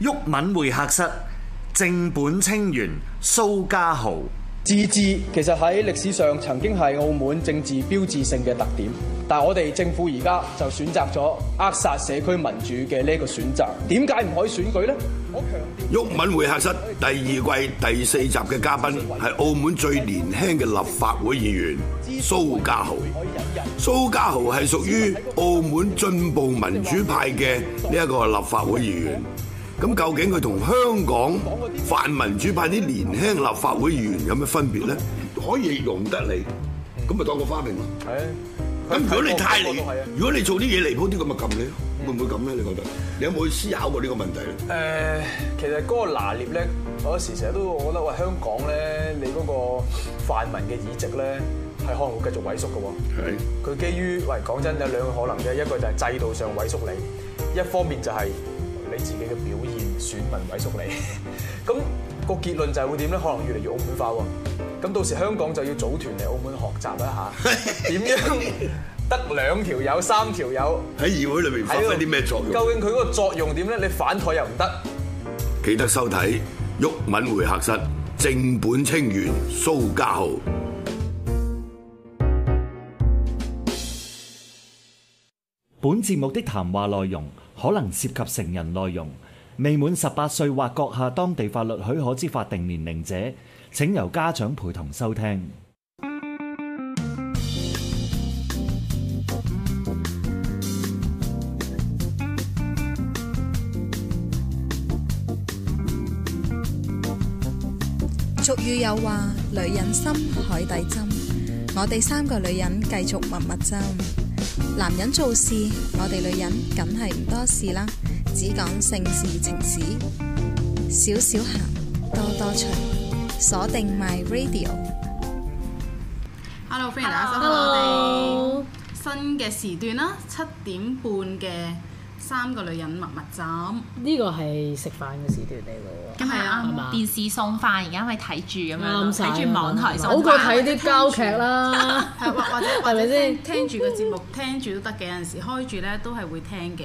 郁民會客室，正本清源，蘇家豪。自治其實喺歷史上曾經係澳門政治標誌性嘅特點，但係我哋政府而家就選擇咗扼殺社區民主嘅呢一個選擇。點解唔可以選舉呢？我強調，郁民會客室第二季第四集嘅嘉賓係澳門最年輕嘅立法會議員蘇家豪。蘇家豪係屬於澳門進步民主派嘅呢一個立法會議員。咁究竟佢同香港泛民主派啲年輕立法會議員有咩分別咧？可以容得你，咁咪、嗯、當個花瓶咯。係咁、啊、如果你太離，啊、如果你做啲嘢離譜啲，咁咪撳你咯。會唔會咁咧？你覺得？你有冇去思考過呢個問題咧？誒，其實嗰個拿捏咧，我有時成日都，我覺得喂，香港咧，你嗰個泛民嘅議席咧，係可能會繼續萎縮嘅喎。佢係、啊、基於喂，講真有兩個可能嘅，一個就係制度上萎縮你，一方面就係、係。你自己嘅表現選民委縮你，咁 個結論就係會點咧？可能越嚟越澳門化喎。咁到時香港就要組團嚟澳門學習一下，點 樣得兩條友三條友喺議會裏面發揮啲咩作用？究竟佢嗰個作用點咧？你反台又唔得。記得收睇《毓民會客室》，正本清源，蘇家豪。本節目的談話內容，可能涉及成人內容，未滿十八歲或閣下當地法律許可之法定年齡者，請由家長陪同收聽。俗語有話：女人心，海底針。我哋三個女人繼續蜜蜜針。男人做事，我哋女人梗係唔多事啦，只講性事情史，少少行，多多趣，鎖定 MyRadio。Hello，歡迎大家收聽我哋新嘅時段啦，七點半嘅。三個女人蜜蜜針，呢個係食飯嘅時段嚟嘅，咁係啊，嗯、吧電視送飯而家咪睇住咁樣，使住吧網台好吧過睇啲交劇啦。係或 或者或者，或者聽住吧個節目聽住都得嘅，有陣時開住咧都係會聽嘅。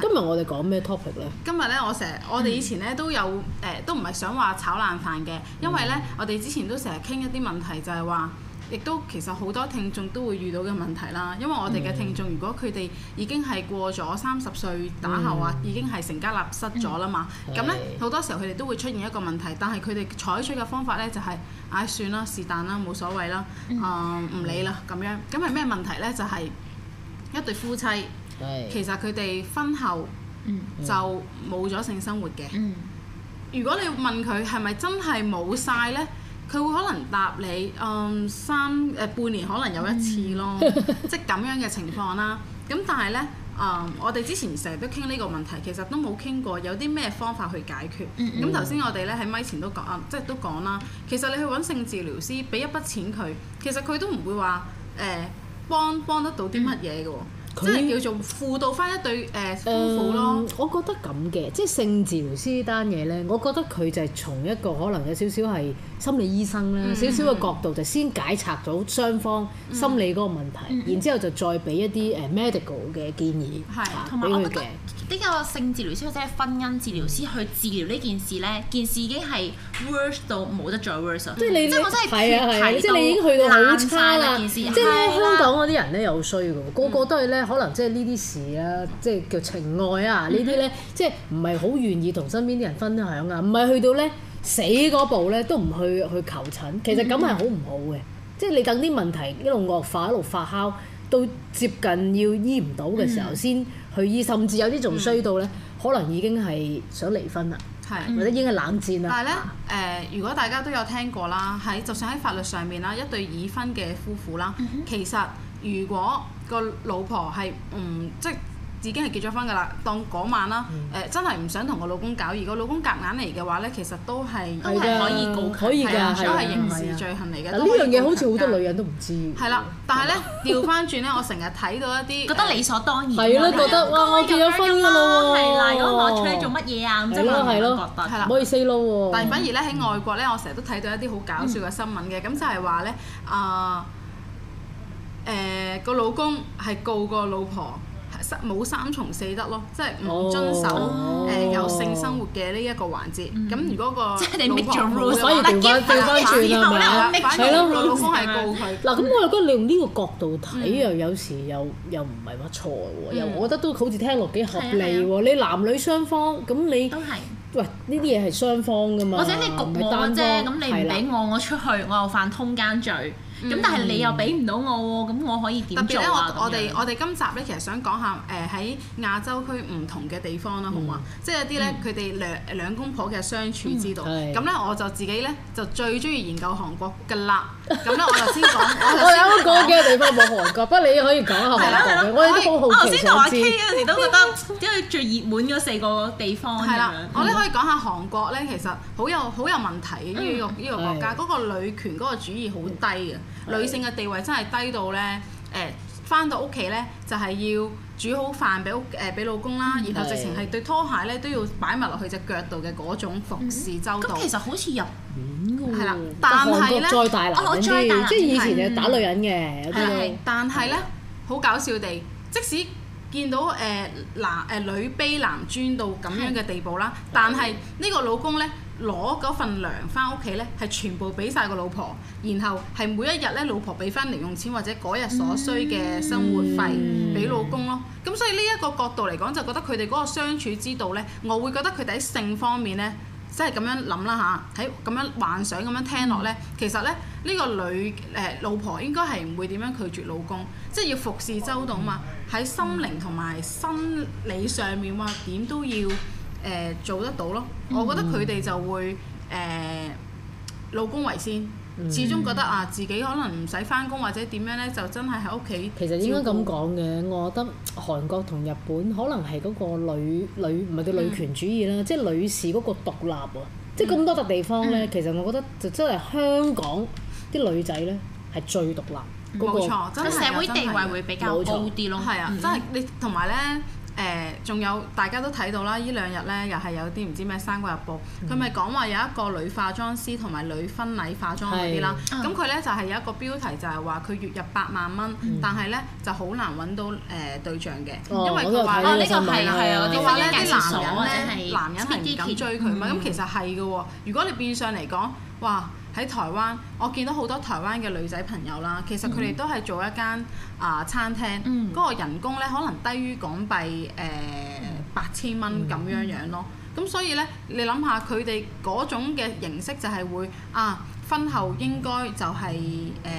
今日我哋講咩 topic 咧？今日咧我成日，我哋以前咧都有誒、呃，都唔係想話炒爛飯嘅，因為咧、嗯、我哋之前都成日傾一啲問題就係、是、話。亦都其實好多聽眾都會遇到嘅問題啦，因為我哋嘅聽眾如果佢哋已經係過咗三十歲打後啊，嗯、已經係成家立室咗啦嘛，咁、嗯、呢，好對多時候佢哋都會出現一個問題，但係佢哋採取嘅方法呢、就係，就係唉算啦，是但啦，冇所謂啦，啊唔理啦咁樣，咁係咩問題呢？就係、係、一對夫妻，對其實佢哋婚後就冇咗性生活嘅。對嗯、如果你問佢係咪真係冇晒呢？佢會可能答你，嗯三誒、呃、半年可能有一次咯， 即係咁樣嘅情況啦。咁但係咧，嗯，我哋之前成日都傾呢個問題，其實都冇傾過有啲咩方法去解決。咁頭先我哋咧喺咪前都講啊，即係都講啦。其實你去揾性治療師，俾一筆錢佢，其實佢都唔會話誒、欸、幫幫得到啲乜嘢嘅喎。嗯即係叫做輔導返一對誒夫婦咯。我覺得咁嘅，即係性治療師呢單嘢咧，我覺得佢就係從一個可能有少少係心理醫生啦，少少嘅角度就先解拆咗雙方心理嗰個問題，然之後就再俾一啲誒 medical 嘅建議。係，同埋我覺得呢個性治療師或者婚姻治療師去治療呢件事咧，件事已經係 worse 到冇得再 worse。即係你，真係全睇到。即係你已經去到好差啦。即係香港嗰啲人咧又衰嘅喎，個個都係咧。可能即係呢啲事啊，即、就、係、是、叫情愛啊，呢啲、mm hmm. 呢，即係唔係好願意同身邊啲人分享啊，唔係去到呢死嗰步咧都唔去去求診，其實咁係好唔好嘅？即係、mm hmm. 你等啲問題一路惡化一路發酵，到接近要醫唔到嘅時候先去醫，mm hmm. 甚至有啲仲衰到呢，可能已經係想離婚啦，mm hmm. 或者已經係冷戰啦。Mm hmm. 但係咧、呃，如果大家都有聽過啦，喺就算喺法律上面啦，一對已婚嘅夫婦啦，mm、其實如果、mm 個老婆係唔即係已經係結咗婚㗎啦，當嗰晚啦，誒真係唔想同個老公搞，如果老公夾硬嚟嘅話咧，其實都係都係可以告佢係啊，都係刑事罪行嚟嘅。嗱呢樣嘢好似好多女人都唔知。係啦，但係咧調翻轉咧，我成日睇到一啲覺得理所當然，覺得哇我結咗婚㗎咯，係嗱，我攞出嚟做乜嘢啊？咁之類嘅，覺得。係咯。唔可以 say no。但係反而咧喺外國咧，我成日都睇到一啲好搞笑嘅新聞嘅，咁就係話咧啊。誒個老公係告個老婆，係冇三從四德咯，即係唔遵守誒有性生活嘅呢一個環節。咁如果個即係你搣住，所以條法掉翻轉係咪啊？係咯，老公係告佢。嗱咁我又覺得你用呢個角度睇又有時又又唔係話錯喎，又我覺得都好似聽落幾合理喎。你男女雙方咁你都係喂呢啲嘢係雙方㗎嘛？或者你焗我啫，咁你唔俾我，我出去我又犯通姦罪。咁但係你又俾唔到我喎，咁我可以點做啊？特別咧，我我哋我哋今集咧，其實想講下誒喺亞洲區唔同嘅地方啦，好嘛？即係有啲咧佢哋兩兩公婆嘅相處之道。咁咧，我就自己咧就最中意研究韓國嘅啦。咁咧，我就先講，我就先講。嗰幾個地方冇韓國，不過你可以講下韓國嘅。我有啲好奇。我頭先就話 K 嗰陣時都覺得，因為最熱門嗰四個地方咁樣。我咧可以講下韓國咧，其實好有好有問題嘅，依個依個國家，嗰個女權嗰個主義好低嘅。女性嘅地位真係低到呢。誒返到屋企呢，就係要煮好飯俾屋誒俾老公啦，嗯、然後直情係對拖鞋呢都要擺埋落去隻腳度嘅嗰種服侍周到。嗯嗯、其實好似日本係啦，但係呢，再大，哦、再大男人，即係以前又打女人嘅，係但係呢，好的搞笑地，的即使見到誒男誒女卑男尊到咁樣嘅地步啦，但係呢個老公呢。攞嗰份糧翻屋企呢，係全部俾晒個老婆，然後係每一日呢，老婆俾翻零用錢或者嗰日所需嘅生活費俾老公咯。咁 所以呢一個角度嚟講，就覺得佢哋嗰個相處之道呢，我會覺得佢哋喺性方面呢，即係咁樣諗啦嚇，喺咁樣幻想咁樣聽落呢， 其實呢，呢、呢個女誒、呃、老婆應該係唔會點樣拒絕老公，即係要服侍周到嘛。喺 心靈同埋心理上面，話點都要。誒、呃、做得到咯，我覺得佢哋就會誒、呃、老公為先，始終覺得啊自己可能唔使翻工或者點樣呢？就真係喺屋企。其實應該咁講嘅，我覺得韓國同日本可能係嗰個女女唔係叫女權主義啦，嗯、即係女士嗰個獨立喎，嗯、即係咁多笪地方呢，嗯、其實我覺得就真係香港啲女仔呢，係最獨立，冇、嗯嗰個、錯，真係社會地位會比較高啲咯。係啊大，真係你同埋呢。誒，仲、呃、有大家都睇到啦，兩呢兩日咧又係有啲唔知咩《生果日報》，嗯，佢咪講話有一個女化妝師同埋女婚禮化妝嗰啲啦。咁佢咧就係、是、有一個標題就係話佢月入八萬蚊，嗯、但係咧就好難揾到誒、呃、對象嘅，因為佢話哦呢個係係啊，你話咧啲男人咧，男人係唔敢追佢嘛？咁、嗯嗯嗯、其實係嘅喎。如果你變相嚟講，哇！哇喺台灣，我見到好多台灣嘅女仔朋友啦。其實佢哋都係做一間啊餐廳，嗰、嗯、個人工咧可能低於港幣誒、呃嗯、八千蚊咁樣樣咯。咁、嗯、所以咧，你諗下佢哋嗰種嘅形式就係會啊，婚後應該就係、是、誒、呃、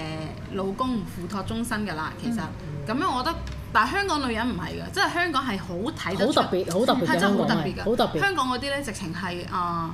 老公唔付託終身噶啦。其實咁、嗯、樣，我覺得，但係香港女人唔係噶，即係香港係好睇得出好特別，好特別，係真係好特別噶。特別香港嗰啲咧，直情係啊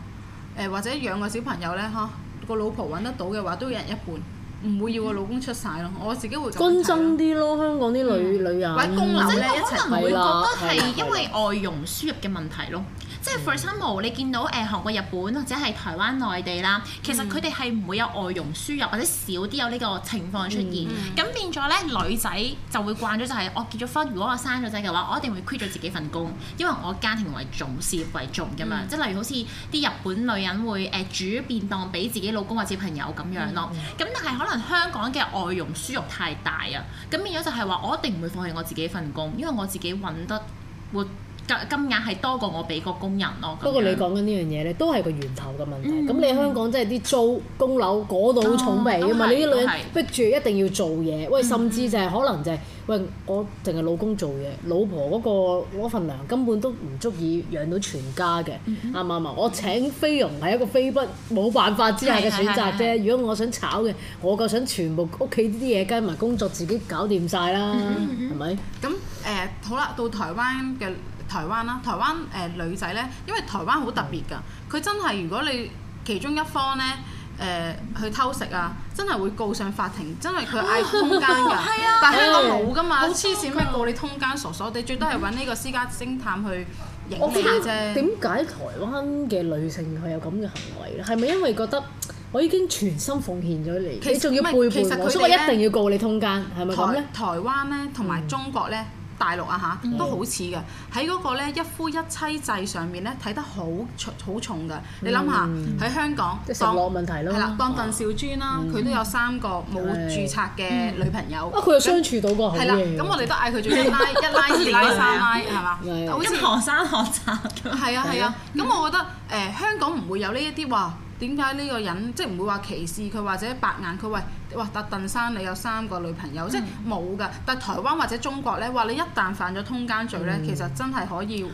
誒，或者養個小朋友咧，呵。個老婆揾得到嘅話，都一人一半，唔會要個老公出晒咯。我自己會均平啲咯，香港啲女、嗯、女人，或者呢即可能唔會覺得係因為外傭輸入嘅問題咯。 即係 for example，你見到誒韓國、日本或者係台灣內地啦，其實佢哋係唔會有外傭輸入或者少啲有呢個情況出現，咁、嗯嗯、變咗咧女仔就會慣咗就係、是、我、嗯哦、結咗婚，如果我生咗仔嘅話，我一定會 quit 咗自己份工，因為我家庭為重，事業為重噶嘛。即係、嗯、例如好似啲日本女人會誒煮便當俾自己老公或者朋友咁樣咯。咁、嗯嗯、但係可能香港嘅外傭輸入太大啊，咁變咗就係話我一定唔會放棄我自己份工，因為我自己揾得活。金額係多過我俾個工人咯。不過你講緊呢樣嘢咧，都係個源頭嘅問題。咁、嗯嗯、你香港即係啲租供樓嗰度好重味㗎嘛！哦、你啲女人逼住一定要做嘢、嗯嗯就是，喂，甚至就係可能就係喂我淨係老公做嘢，老婆嗰、嗰個嗰份糧根本都唔足以養到全家嘅，啱唔啱啊？我請菲傭係一個菲不冇辦法之下嘅選擇啫。嗯嗯，如果我想炒嘅，我夠想全部屋企啲嘢加埋工作自己搞掂晒啦，係咪？咁誒好啦，到台灣嘅。台灣啦，台灣誒、呃、女仔咧，因為台灣好特別㗎，佢對 真係如果你其中一方咧誒、呃、去偷食啊，真係會告上法庭，真係佢嗌你通奸㗎。係、哦、啊，但係我冇㗎嘛，好黐線咩告你通奸，傻傻地，最多係揾呢個私家偵探去影下啫。點解、嗯、台灣嘅女性佢有咁嘅行為咧？係咪因為覺得我已經全心奉獻咗你，其仲實要背叛我？所以一定要告你通奸，係咪咁咧？是是台灣咧，同埋中國咧、嗯。嗯大陸啊嚇，都好似嘅，喺嗰個咧一夫一妻制上面咧睇得好重好重嘅。你諗下喺香港當冇問題咯，係啦，當鄧少專啦，佢都有三個冇註冊嘅女朋友。佢又相處到個好嘅。咁我哋都嗌佢做一奶、一奶二奶三奶係嘛？好似學生學習咁。係啊係啊，咁我覺得誒香港唔會有呢一啲話。點解呢個人即係唔會話歧視佢或者白眼佢？喂喂，哇鄧生你有三個女朋友，嗯、即係冇㗎。但台灣或者中國咧，話你一旦犯咗通奸罪咧，嗯、其實真係可以。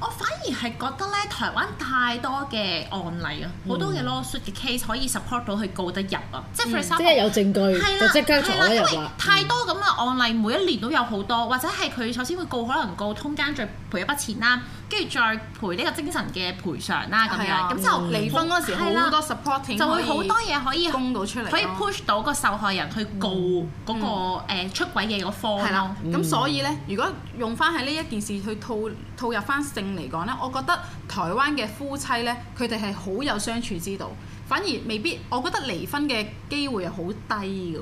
我反而係覺得咧，台灣太多嘅案例啊，好、嗯、多嘅 law suit 嘅 case 可以 support 到佢告得入啊，嗯、即係，即係有證據，啦就即刻坐得入啦。因為太多咁嘅案例，每一年都有好多，或者係佢首先會告，可能告通奸罪，賠一筆錢啦。跟住再賠呢個精神嘅賠償啦，咁、嗯、樣咁之後離婚嗰時好多 supporting，就會好多嘢可以供到出嚟，可以 push 到個受害人去告嗰個誒出軌嘅嗰方咯。咁所以咧，如果用翻喺呢一件事去套套入翻性嚟講咧，我覺得台灣嘅夫妻咧，佢哋係好有相處之道，反而未必。我覺得離婚嘅機會係好低嘅。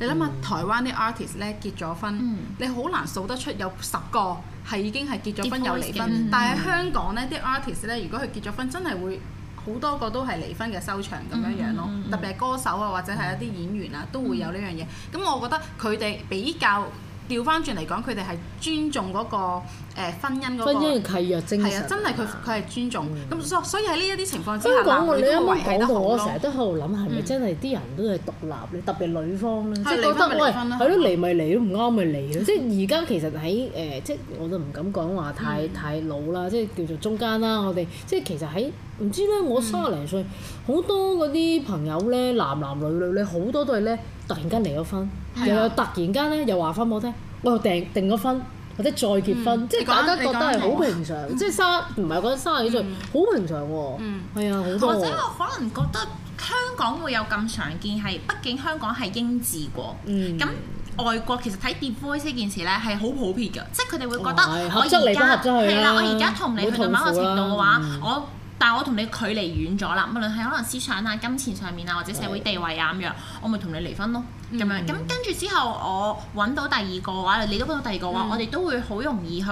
你諗下，嗯、台灣啲 artist 咧，結咗婚，嗯、你好難數得出有十個。係已經係結咗婚又離婚，但係香港呢啲 artist 呢， 如果佢結咗婚，真係會好多個都係離婚嘅收場咁樣樣咯。 特別係歌手啊，或者係一啲演員啊，都會有呢樣嘢。咁我覺得佢哋比較。調翻轉嚟講，佢哋係尊重嗰個婚姻嗰個婚姻契約精神。係啊，真係佢佢係尊重嘅。咁所所以喺呢一啲情況之下，我哋啱啱講到，我成日都喺度諗，係咪真係啲人都係獨立咧？特別女方咧，即係覺得喂，係咯，離咪離，都唔啱咪離咯。即係而家其實喺誒，即係我都唔敢講話太太老啦，即係叫做中間啦。我哋即係其實喺唔知咧，我卅零歲好多嗰啲朋友咧，男男女女，咧好多都係咧，突然間離咗婚。又突然間咧，又話翻我咧，我又訂定咗婚，或者再結婚，嗯、即係大家覺得係好平常，嗯、即係三唔係覺得三廿幾歲，好、嗯、平常喎，係、嗯、啊，好。或者我可能覺得香港會有咁常見係，畢竟香港係英治過，咁、嗯、外國其實睇 divorce 呢件事咧係好普遍嘅，即係佢哋會覺得我而家係啦，我而家同你去到某一個程度嘅話，我、嗯、但係我同你距離遠咗啦，無論係可能思想啊、金錢上面啊，或者社會地位啊咁樣，對我咪同你離婚咯。咁樣，咁、mm hmm. 跟住之後，我揾到第二個話，你都揾到第二個話，mm hmm. 我哋都會好容易去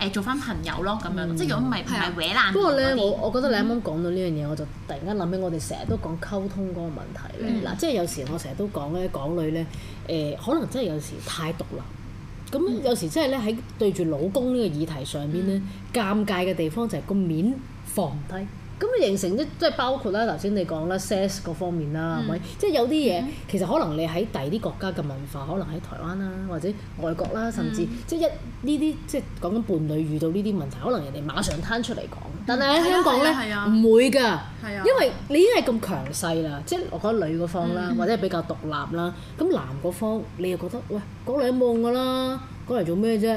誒做翻朋友咯，咁、mm hmm. 樣。即係如果唔係唔係搲爛，不過咧，些我我覺得你啱啱講到呢樣嘢，mm hmm. 我就突然間諗起我哋成日都講溝通嗰個問題嗱，mm hmm. 即係有時我成日都講咧，港女咧誒，可能真係有時太獨立，咁、mm hmm. 有時真係咧喺對住老公呢個議題上邊咧，尷、mm hmm. 尬嘅地方就係個面放唔低。咁啊，形成咧，即係包括啦，頭先你講啦，sex 嗰方面啦，係咪、嗯？即係有啲嘢，嗯、其實可能你喺第啲國家嘅文化，可能喺台灣啦，或者外國啦，甚至、嗯、即係一呢啲，即係講緊伴侶遇到呢啲問題，可能人哋馬上攤出嚟講。但係喺香港咧，唔、嗯啊啊啊、會㗎，啊、因為你已經係咁強勢啦，即係我覺得女嗰方啦，嗯、或者係比較獨立啦。咁男嗰方，你又覺得喂講嚟冇用㗎啦，講嚟做咩啫？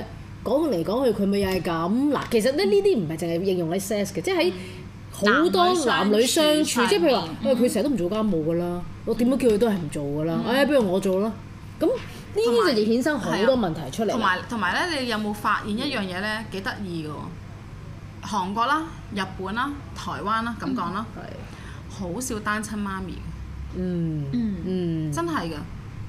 講嚟講，講去佢咪又係咁嗱。其實咧呢啲唔係淨係應用喺 sex 嘅，即係喺好多男女相處，即係譬如話，因為佢成日都唔做家務噶啦，嗯、我點樣叫佢都係唔做噶啦。唉、嗯哎，不如我做啦。咁呢啲就亦衍生好多問題出嚟。同埋同埋咧，你有冇發現一樣嘢咧？幾得意嘅喎，韓國啦、啊、日本啦、啊、台灣啦、啊，咁講啦，好、嗯、少單親媽咪。嗯嗯嗯，嗯真係噶。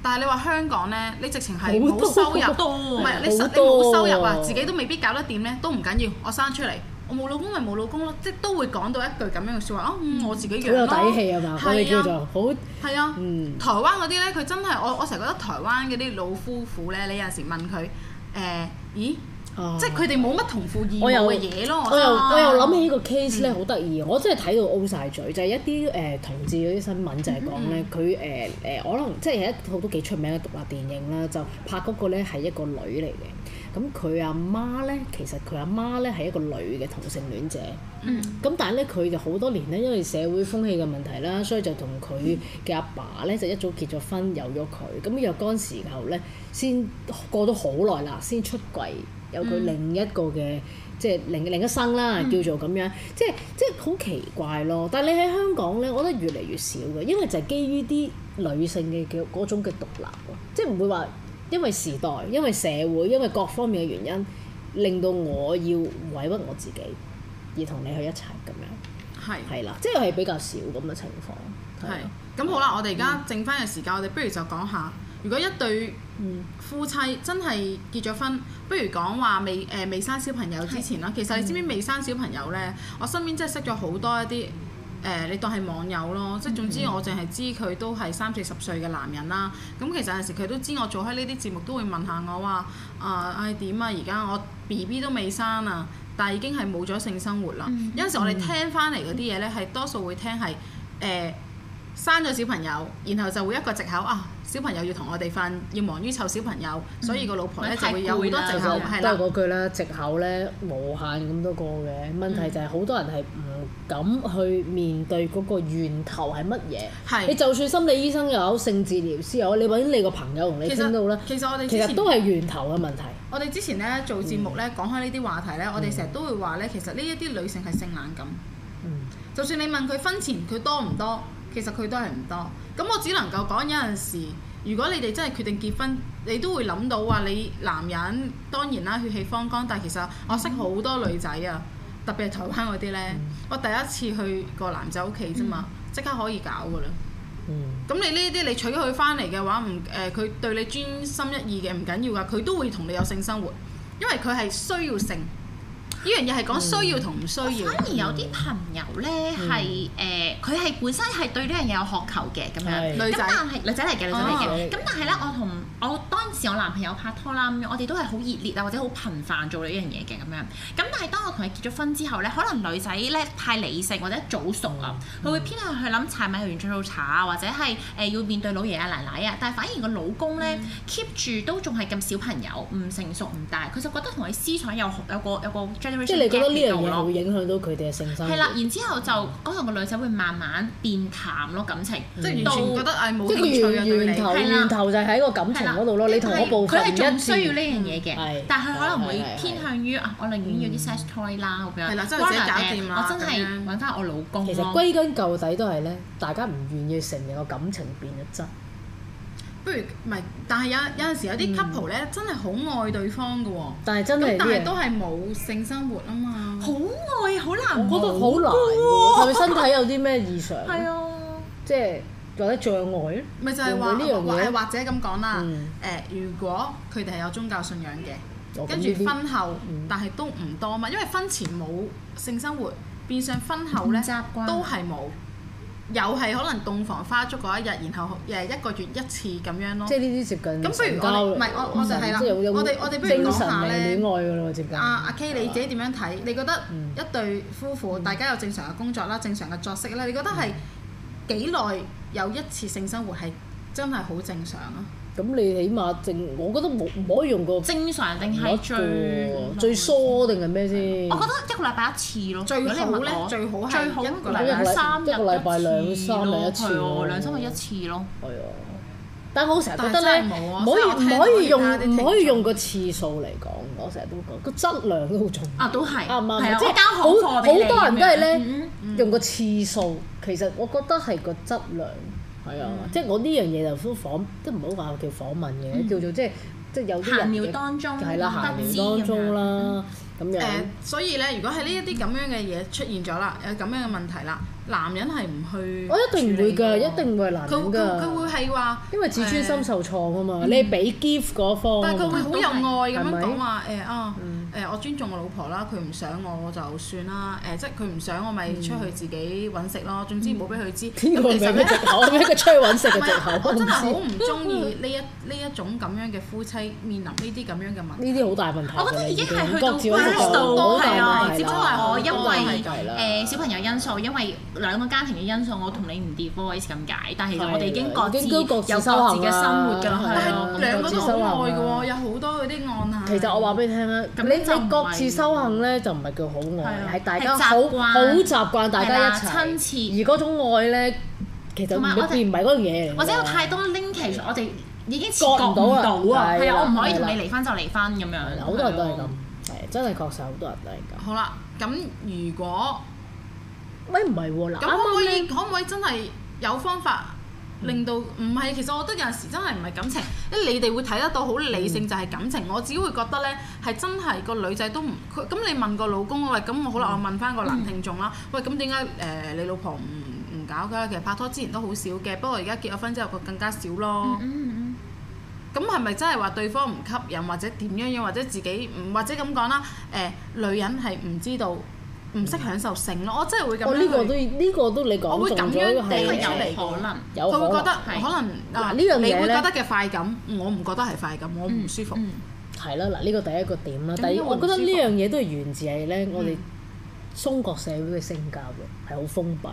但係你話香港咧，你直情係冇收入，唔係，你多你冇收入啊，自己都未必搞得掂咧，都唔緊要，我生出嚟。我冇老公咪冇老公咯，即係都會講到一句咁樣嘅説話啊、哦嗯，我自己養咯，有底氣係嘛？佢哋叫做好係啊。啊嗯，台灣嗰啲咧，佢真係我我成日覺得台灣嗰啲老夫婦咧，你有陣時問佢誒、呃，咦，哦、即係佢哋冇乜同父異母嘅嘢咯。我又我又諗起呢個 case 咧，好得意，嗯、我真係睇到 O 曬嘴，就係、是、一啲誒、呃、同志嗰啲新聞就，就係講咧佢誒誒，嗯呃、可能即係一套都幾出名嘅獨立電影啦，就拍嗰個咧係一個女嚟嘅。咁佢阿媽咧，其實佢阿媽咧係一個女嘅同性戀者。嗯。咁但係咧，佢就好多年咧，因為社會風氣嘅問題啦，所以就同佢嘅阿爸咧就一早結咗婚，有咗佢。咁又嗰陣時候咧，先過咗好耐啦，先出櫃，有佢另一個嘅、嗯、即係另另一生啦，叫做咁樣。嗯、即係即係好奇怪咯。但係你喺香港咧，我覺得越嚟越少嘅，因為就係基於啲女性嘅叫嗰種嘅獨立，即係唔會話。因為時代，因為社會，因為各方面嘅原因，令到我要委屈我自己而，而同你去一齊咁樣，係係啦，即係比較少咁嘅情況，係咁好啦，我哋而家剩翻嘅時間，嗯、我哋不如就講下，如果一對嗯夫妻真係結咗婚，嗯、不如講話未誒、呃、未生小朋友之前啦。是其實你知唔知、嗯、未生小朋友呢？我身邊真係識咗好多一啲。誒、呃，你當係網友咯，即係總之我淨係知佢都係三四十歲嘅男人啦。咁其實有時佢都知我做開呢啲節目，都會問下我話：呃哎、啊，唉點啊？而家我 B B 都未生啊，但係已經係冇咗性生活啦。有陣、嗯、時我哋聽翻嚟嗰啲嘢呢，係多數會聽係生咗小朋友，然後就會一個藉口啊！小朋友要同我哋瞓，要忙於湊小朋友，嗯、所以個老婆咧就會有好多藉口。係啦實，對了 都係嗰句啦，藉口咧無限咁多個，嘅問題就係好多人係唔敢去面對嗰個源頭係乜嘢。係、嗯、你就算心理醫生又好，性治療師又好，你搵你個朋友同你傾都好啦。其實我哋其實都係源頭嘅問題。嗯、我哋之前咧做節目咧講開呢啲話題咧，嗯、我哋成日都會話咧，其實呢一啲女性係性冷感。嗯，嗯就算你問佢婚前佢多唔多？其實佢都係唔多，咁我只能夠講有陣時，如果你哋真係決定結婚，你都會諗到話你男人當然啦血氣方剛，但係其實我識好多女仔啊，特別係台灣嗰啲呢。嗯、我第一次去個男仔屋企啫嘛，即刻可以搞噶啦。咁、嗯、你呢啲你娶咗佢返嚟嘅話，唔誒佢對你專心一意嘅唔緊要啊，佢都會同你有性生活，因為佢係需要性。呢樣嘢係講需要同唔需要，嗯、反而有啲朋友咧係誒，佢係、嗯呃、本身係對呢樣嘢有渴求嘅咁仔樣。咁但係女仔嚟嘅女仔嚟嘅，咁、哦、但係咧、嗯，我同我當時我男朋友拍拖啦咁樣，我哋都係好熱烈啊或者好頻繁做呢樣嘢嘅咁樣。咁但係當我同佢結咗婚之後咧，可能女仔咧太理性或者早熟啦，佢、嗯、會偏向去諗柴米油鹽醬醋茶啊，或者係誒要面對老爺啊奶奶啊。但係反而個老公咧 keep 住都仲係咁小朋友，唔成熟唔大，佢就覺得同佢思想有有個有個。即係你覺得呢樣嘢會影響到佢哋嘅性生活？係啦， 嗯、然之後就可能個女仔會慢慢變淡咯，感情，嗯、即係覺得誒冇趣，即係佢源頭源頭，源、哎、頭、啊、對啦 就喺個感情嗰度咯。對啦 你同我部分，佢係仲需要呢樣嘢嘅，對對對，但係可能會偏向於對對對啊，我寧願要啲 sex toy 啦咁樣。係啦，自己搞掂啦、呃。我真係揾翻我老公、啊。其實歸根究底都係咧，大家唔願意承認個感情變咗質。不如唔係，但係有有陣時有啲 couple 咧，真係好愛對方嘅喎。但係真係但係都係冇性生活啊嘛。好愛，好難。我覺得好難喎。係咪身體有啲咩異常？係啊，即係或者障礙咧。咪就係話呢樣嘢，或者咁講啦。誒，如果佢哋係有宗教信仰嘅，跟住婚後，但係都唔多嘛，因為婚前冇性生活，變相婚後咧都係冇。又係可能洞房花燭嗰一日，然後誒一個月一次咁樣咯。即係呢啲接近咁，不如講，唔係我我就係啦。我哋我哋不如講下咧，阿阿 K 你自己點樣睇？你覺得一對夫婦大家有正常嘅工作啦、正常嘅作息咧，你覺得係幾耐有一次性生活係真係好正常啊？咁你起碼正，我覺得冇唔可以用個正常定係最最疏定係咩先？我覺得一個禮拜一次咯。最好咧，最好係一個禮拜兩三日一次，兩三日一次咯。係啊，但係我成日覺得咧，唔可以唔可以用唔可以用個次數嚟講。我成日都講個質量都好重要。啊，都係啊，唔係即係好好多人都係咧、嗯嗯、用個次數，其實我覺得係個質量。係啊、嗯，即係我呢樣嘢就都訪，都唔好話叫訪問嘅，叫做、嗯、即係即係有啲人要係中，閒聊當中啦，咁、嗯、樣。誒、嗯呃，所以咧，如果係呢一啲咁樣嘅嘢出現咗啦，有咁樣嘅問題啦，男人係唔去。我一定唔會㗎，一定會係男人㗎。佢佢佢會係話，因為自尊心受挫啊嘛，嗯、你係俾 gift 嗰方。但係佢會好有愛咁樣講話誒啊！嗯嗎誒、呃，我尊重我老婆啦，佢唔想我就算啦。誒、呃，即係佢唔想我咪出去自己揾食咯。總之冇俾佢知。咁、嗯、其實咧， 一個出去揾食嘅借口， 啊、 我真係好唔中意呢一呢 一種咁樣嘅夫妻面臨呢啲咁樣嘅問題。呢啲好大問題，我覺得已經係去到關係度 of 啊，啊只不過係我一。係小朋友因素，因為兩個家庭嘅因素，我同你唔 divorce 咁解，但係其實我哋已經各自有各自嘅生活嘅，但係兩個都好愛嘅喎，有好多嗰啲案啊。其實我話俾你聽啦，你你各自修行咧就唔係叫好愛，係大家好好習慣大家一齊親切，而嗰種愛咧其實我哋唔係嗰樣嘢或者有太多拎，其實我哋已經覺唔到啊！係啊，我唔可以同你離婚就離婚咁樣。好多人都係咁，係真係確實好多人都係咁。好啦。咁如果喂唔係喎，嗱咁可唔可以才可唔可以真係有方法令到唔係、嗯？其實我覺得有陣時真係唔係感情，誒你哋會睇得到好理性，就係感情。嗯、我只會覺得咧係真係個女仔都唔佢咁。你問個老公喂，咁我好啦，我問翻個男聽眾啦。嗯、喂，咁點解誒你老婆唔唔搞㗎？其實拍拖之前都好少嘅，不過而家結咗婚之後佢更加少咯。嗯嗯。咁係咪真係話對方唔吸引，或者點樣樣，或者自己唔，或者咁講啦？誒，女人係唔知道，唔識享受性咯。我真係會咁樣。我呢個都呢個都你講咗係。有嚟可能，有可能。係。可能啊，呢樣你會覺得嘅快感，我唔覺得係快感，我唔舒服。係啦，嗱，呢個第一個點啦。第二，我覺得呢樣嘢都係源自係咧，我哋中國社會嘅性教育係好封閉。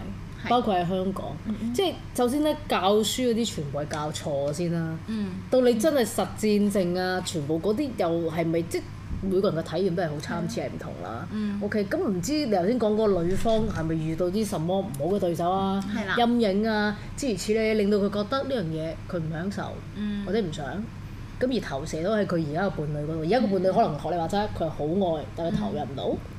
包括喺香港，mm hmm. 即係首先咧，教書嗰啲全部係教錯先啦。Mm hmm. 到你真係實戰性啊，全部嗰啲又係咪即係每個人嘅體驗都係好參差，係唔、mm hmm. 同啦。Mm hmm. OK，咁唔知你頭先講個女方係咪遇到啲什麼唔好嘅對手啊？Mm hmm. 陰影啊諸如此類，令到佢覺得呢樣嘢佢唔享受、mm hmm. 或者唔想，咁而投射都喺佢而家嘅伴侶嗰度。而家嘅伴侶可能學你話齋，佢好愛，但係投入唔到。Mm hmm.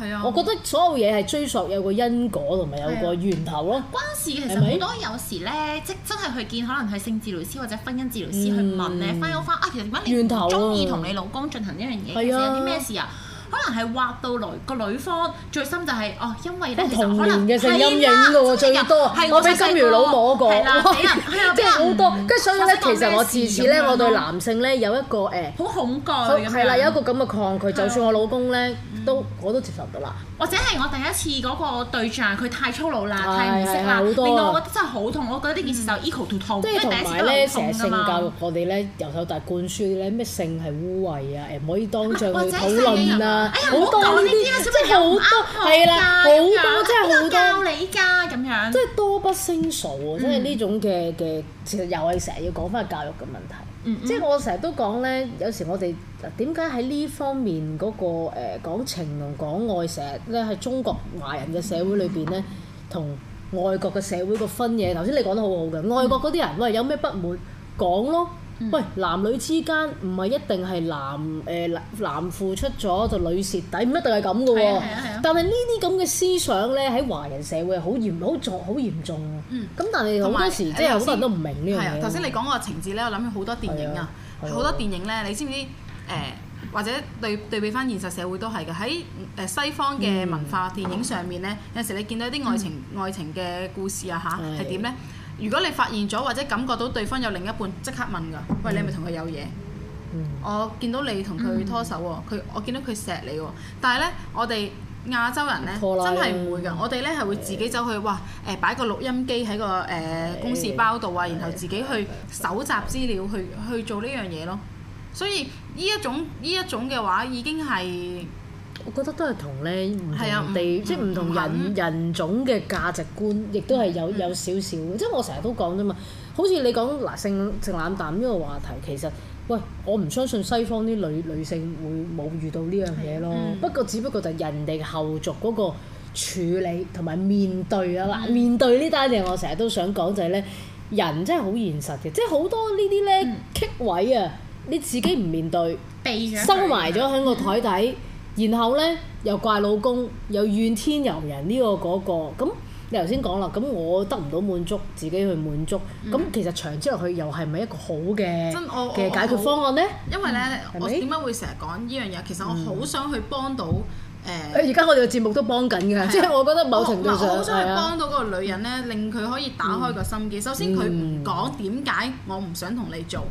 係啊，我覺得所有嘢係追溯有個因果同埋有個源頭咯。關事其實好多有時咧，即真係去見可能係性治療師或者婚姻治療師去問咧，翻屋翻啊，其實揾你中意同你老公進行一樣嘢，其實有啲咩事啊？可能係挖到來個女方最深就係哦，因為可能嘅性陰影喎，最多我俾金魚佬摸過，即係好多。跟住所以咧，其實我次次咧，我對男性咧有一個誒，好恐懼咁樣係啦，有一個咁嘅抗拒，就算我老公咧。都我都接受唔到啦，或者係我第一次嗰個對象佢太粗魯啦，太唔識啦，令到我覺得真係好痛。我覺得呢件事就 equal to 痛。即係同埋咧，成日性教育，我哋咧由頭到大灌輸咧，咩性係污穢啊，誒唔可以當眾去討論啊，好多呢啲，真係好多係啦，好多真係好多，教你㗎咁樣，即係多不勝數啊！真係呢種嘅嘅，其實又係成日要講翻教育嘅問題。Mm hmm. 即係我成日都講呢，有時我哋點解喺呢方面嗰、那個誒、呃、講情同講愛，成日咧係中國華人嘅社會裏邊呢，同外國嘅社會個分野。頭先你講得好好嘅，外國嗰啲人喂，有咩不滿講咯。喂，男女之間唔係一定係男誒、呃、男男付出咗就女蝕底，唔一定係咁嘅喎。啊係啊，啊但係呢啲咁嘅思想咧，喺華人社會好嚴好重好嚴重。咁、嗯、但係好多時即係好多人都唔明呢樣嘢。係啊。頭先你講個情節咧，我諗起好多電影啊，好、啊、多電影咧，你知唔知誒、呃？或者對對比翻現實社會都係嘅。喺誒西方嘅文化電影上面咧，嗯嗯、有時你見到啲愛情、嗯、愛情嘅故事啊吓，係點咧？如果你發現咗或者感覺到對方有另一半，即刻問㗎。喂，你係咪同佢有嘢？我見到你同佢拖手喎，佢我見到佢錫你喎。但係呢，我哋亞洲人呢，真係唔會㗎。我哋呢係會自己走去，哇！誒，擺個錄音機喺個誒、呃、公事包度啊，然後自己去搜集資料去去做呢樣嘢咯。所以呢一種呢一種嘅話已經係。我覺得都係同咧唔同地，啊嗯、即係唔同人、嗯、人種嘅價值觀，亦、嗯、都係有有少少嘅。即係我成日都講啫嘛。好似你講嗱性性冷淡呢個話題，其實喂，我唔相信西方啲女女性會冇遇到呢樣嘢咯。嗯、不過，只不過就係人哋後續嗰個處理同埋面對啊嘛。嗯、面對呢單嘢，我成日都想講就係、是、咧，人真係好現實嘅，即係好多呢啲咧棘位啊，你自己唔面對，收埋咗喺個台底。嗯然後呢，又怪老公，又怨天尤人呢個嗰、嗰個，咁你頭先講啦，咁我得唔到滿足，自己去滿足，咁、嗯、其實長之落佢又係咪一個好嘅嘅解決方案呢？嗯、因為呢，吧我點解會成日講呢樣嘢？其實我好想去幫到誒。而、呃、家我哋節目都幫緊㗎，啊、即係我覺得某程度上係好想去幫到嗰個女人呢，令佢、嗯、可以打開個心機。首先佢唔講點解我唔想同你做。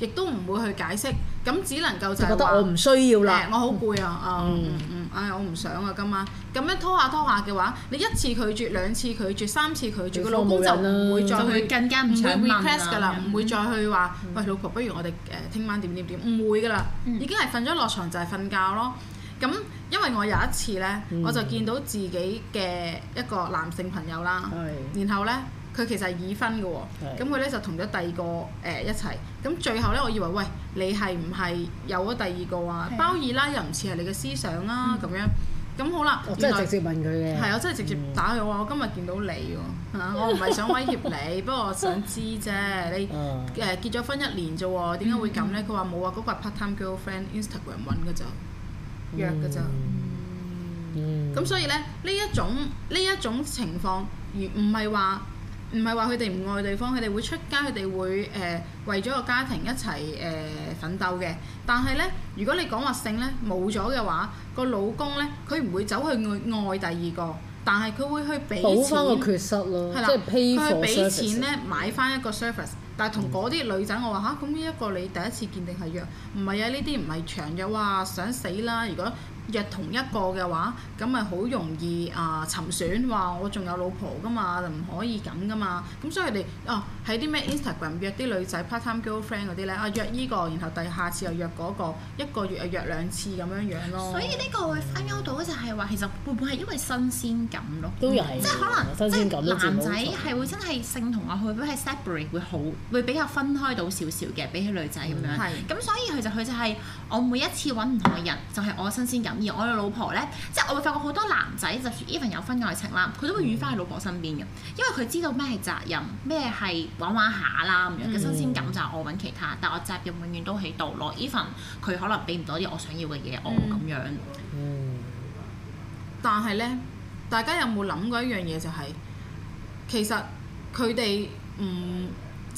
亦都唔會去解釋，咁只能夠就係覺得我唔需要啦、嗯欸，我好攰啊，嗯嗯嗯，唉、嗯嗯哎、我唔想啊今晚，咁樣拖下拖下嘅話，你一次拒絕，兩次拒絕，三次拒絕，個老公就唔會再去更加唔會 request 噶啦，唔會再去話，喂、嗯、老婆不如我哋誒聽晚點點點，唔會噶啦，嗯、已經係瞓咗落床就係瞓覺咯。咁因為我有一次咧，我就見到自己嘅一個男性朋友啦，嗯嗯、然後咧。佢其實已婚嘅喎，咁佢咧就同咗第二個誒一齊。咁最後咧，我以為喂你係唔係有咗第二個啊？包二奶又唔似係你嘅思想啦。咁樣咁好啦。我真係直接問佢嘅。係啊，我真係直接打佢話我今日見到你喎，我唔係想威脅你，不過我想知啫。你誒結咗婚一年啫喎，點解會咁咧？佢話冇啊，嗰個 part time girlfriend，Instagram 揾嘅就約嘅就。嗯。咁所以咧呢一種呢一種情況，而唔係話。唔係話佢哋唔愛對方，佢哋會出街，佢哋會誒、呃、為咗個家庭一齊誒、呃、奮鬥嘅。但係呢，如果你講話性呢，冇咗嘅話，個老公呢，佢唔會走去愛第二個，但係佢會去俾錢補翻個缺失咯，係啦的，佢去俾錢呢，service 買翻一個 service, s u r f a c e，但係同嗰啲女仔我話吓，咁呢一個你第一次見定係約，唔係啊，呢啲唔係長約哇想死啦如果。約同一個嘅話，咁咪好容易啊，尋選話我仲有老婆㗎嘛，就唔可以咁㗎嘛。咁所以佢哋啊，喺啲咩 Instagram 約啲女仔 part-time girlfriend 嗰啲咧啊，約依個，然後第下次又約嗰個，一個月又約兩次咁樣樣咯。所以呢個會翻嬲到就係話，其實會唔會係因為新鮮感咯？都有即係可能，即係男仔係會真係性同我去，如果係 separate 會好，會比較分開到少少嘅，比起女仔咁樣。係。咁所以佢就佢就係我每一次揾唔同嘅人，就係我新鮮感。而我嘅老婆呢，即係我會發覺好多男仔就依份有婚外情啦，佢都會遠翻喺老婆身邊嘅，因為佢知道咩係責任，咩係玩玩下啦咁樣嘅新鮮感就我揾其他，但我責任永遠都喺度。攞依份佢可能俾唔到啲我想要嘅嘢，我冇咁樣。嗯嗯、但係呢，大家有冇諗過一樣嘢就係、是，其實佢哋唔。嗯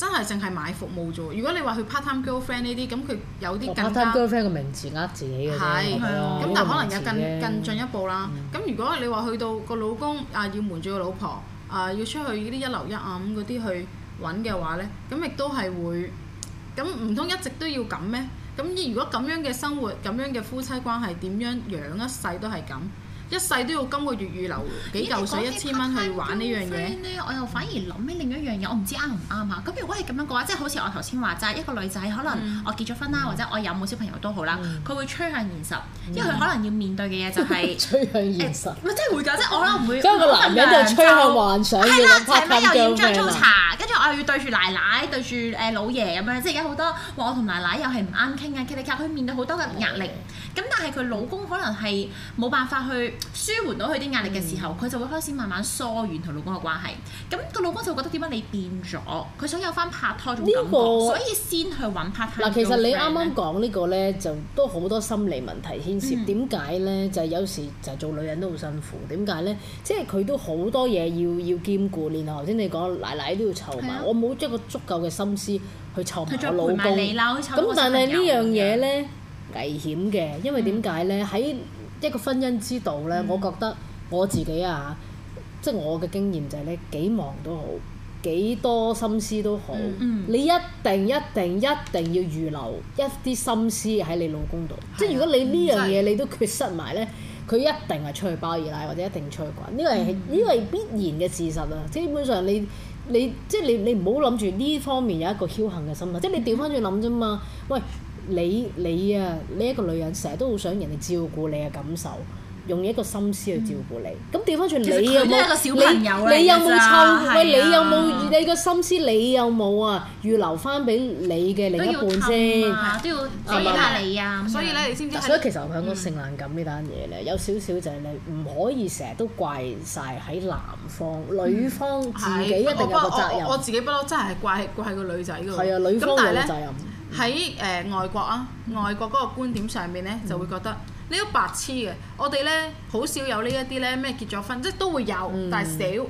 真係淨係買服務啫喎！如果你話去 part-time girlfriend 呢啲，咁佢有啲更加、oh, part-time girlfriend 個名詞呃自己嘅咁的吧但可能有更更進一步啦。咁、嗯、如果你話去到個老公啊要瞞住個老婆啊要出去呢啲一樓一暗嗰啲去揾嘅話呢，咁亦都係會咁唔通一直都要咁咩？咁如果咁樣嘅生活，咁樣嘅夫妻關係，點樣養一世都係咁？一世都要今個月預留幾嚿水一千蚊去玩呢樣嘢。我又反而諗起另一樣嘢，我唔知啱唔啱啊。咁如果係咁樣嘅話，即係好似我頭先話齋，一個女仔可能我結咗婚啦，或者我有冇小朋友都好啦，佢會趨向現實，因為佢可能要面對嘅嘢就係趨向現實。咪即係會㗎，即係我可能會。即個男人就趨向幻想嘅。係啦，成日又要張早茶，跟住我又要對住奶奶對住誒老爺咁樣，即係而家好多我同奶奶又係唔啱傾啊，佢哋佢面對好多嘅壓力。咁但係佢老公可能係冇辦法去舒緩到佢啲壓力嘅時候，佢、嗯、就會開始慢慢疏遠同老公嘅關係。咁個老公就覺得點解你變咗？佢想有返拍拖種感覺，這個、所以先去揾拍拖。嗱，其實你啱啱講呢個咧，就都好多心理問題牽涉。點解咧？就係、是、有時就係做女人都好辛苦。點解咧？即係佢都好多嘢要要兼顧。連頭先你講奶奶都要湊埋，啊、我冇一個足夠嘅心思去湊埋老公。咁但係呢樣嘢咧。危險嘅，因為點解呢？喺一個婚姻之道呢，嗯、我覺得我自己啊，即、就、係、是、我嘅經驗就係、是、咧，幾忙都好，幾多，多心思都好，嗯、你一定一定一定要預留一啲心思喺你老公度。嗯、即係如果你呢樣嘢你都缺失埋呢，佢、嗯、一定係出去包二奶或者一定出去滾。呢個係呢個係必然嘅事實啦。基本上你你即係、就是、你你唔好諗住呢方面有一個僥倖嘅心啦。即係你調翻轉諗啫嘛，喂！你你啊，你一個女人成日都好想人哋照顧你嘅感受，用一個心思去照顧你。咁調翻轉你有冇？你你有冇湊？喂，你有冇？你個心思你有冇啊？預留翻俾你嘅另一半先。都要湊啊，都要俾下你啊。所以咧，你知唔知？所以其實我講個性冷感呢單嘢咧，有少少就係你唔可以成日都怪晒喺男方，女方自己一定有個責任。我自己不嬲，真係係怪怪個女仔㗎喎。係啊，女方有責任。喺誒、呃、外國啊，外國嗰個觀點上面咧，就會覺得呢啲、嗯、白痴嘅。我哋咧好少有呢一啲咧咩結咗婚，即係都會有，但係少。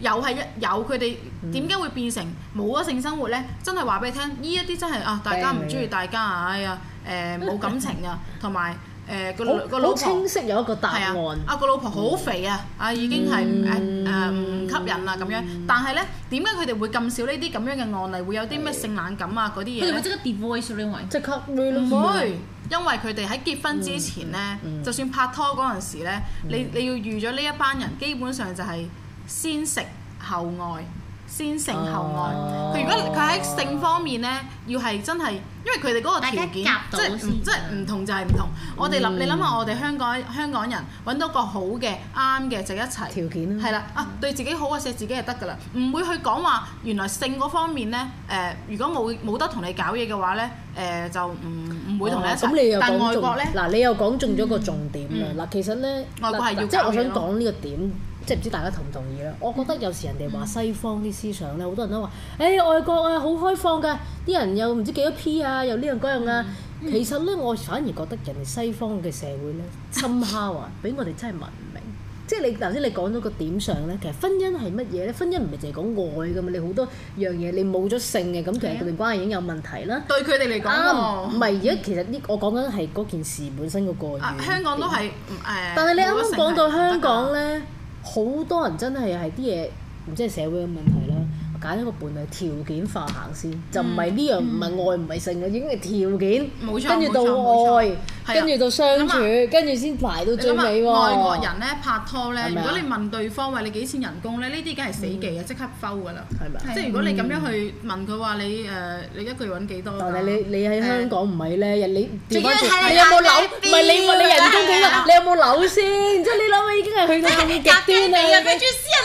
有係一有，佢哋點解會變成冇咗性生活咧？真係話俾你聽，呢一啲真係啊，大家唔中意大家啊，哎呀誒冇感情啊，同埋。誒，個個老婆清晰有一個答案啊，個老婆好肥啊、嗯、啊已經係唔唔吸引啦，咁樣，但係呢點解佢哋會咁少呢啲咁樣嘅案例？會有啲咩性冷感啊嗰啲嘢？佢哋會即刻 divorce 咧？唔會。因為佢哋喺結婚之前呢，嗯、就算拍拖嗰陣時咧，嗯、你你要預咗呢一班人，基本上就係先食後愛。先性後愛，佢如果佢喺性方面咧，要係真係，因為佢哋嗰個條件，即係夾即係唔同就係唔同。嗯、我哋諗你諗下，我哋香港香港人揾到個好嘅啱嘅就一齊。條件啦、啊。係啦，啊對自己好啊，錫自己就得㗎啦，唔會去講話。原來性嗰方面咧，誒、呃，如果冇冇得同你搞嘢嘅話咧，誒、呃，就唔唔會同你一齊。但外國、哦、你又講中咧？嗱，你又講中咗個重點嗱，嗯嗯、其實咧，外國係要即係我想講呢個點。即係唔知大家同唔同意啦？我覺得有時人哋話西方啲思想咧，好、嗯、多人都話：誒、欸、外國啊，好開放㗎，啲人又唔知幾多 P 啊，又呢樣嗰樣啊。嗯、其實咧，我反而覺得人哋西方嘅社會咧，侵蝦啊，俾我哋真係文明。 即係你頭先你講咗個點上咧，其實婚姻係乜嘢咧？婚姻唔係淨係講愛㗎嘛，你好多樣嘢，你冇咗性嘅，咁其實佢哋關係已經有問題啦。對佢哋嚟講，唔係而家其實呢，我講緊係嗰件事本身個過。啊，香港都係、嗯、但係你啱啱講到香港咧。嗯嗯嗯嗯嗯嗯嗯好多人真係係啲嘢，唔知係社會嘅問題啦。揀一個伴侶條件化行先，就唔係呢樣唔係愛唔係性嘅，已經係條件。冇錯，跟住到愛，跟住到相處，跟住先排到最尾喎。外國人咧，拍拖咧，如果你問對方話你幾錢人工咧，呢啲梗係死忌啊，即刻收㗎啦。係咪？即係如果你咁樣去問佢話你誒，你一個月揾幾多？但係你你喺香港唔係咧，人你掉翻轉，你有冇樓？唔係你我你人工幾多？你有冇樓先？即係你諗，已經係去到咁極端啦。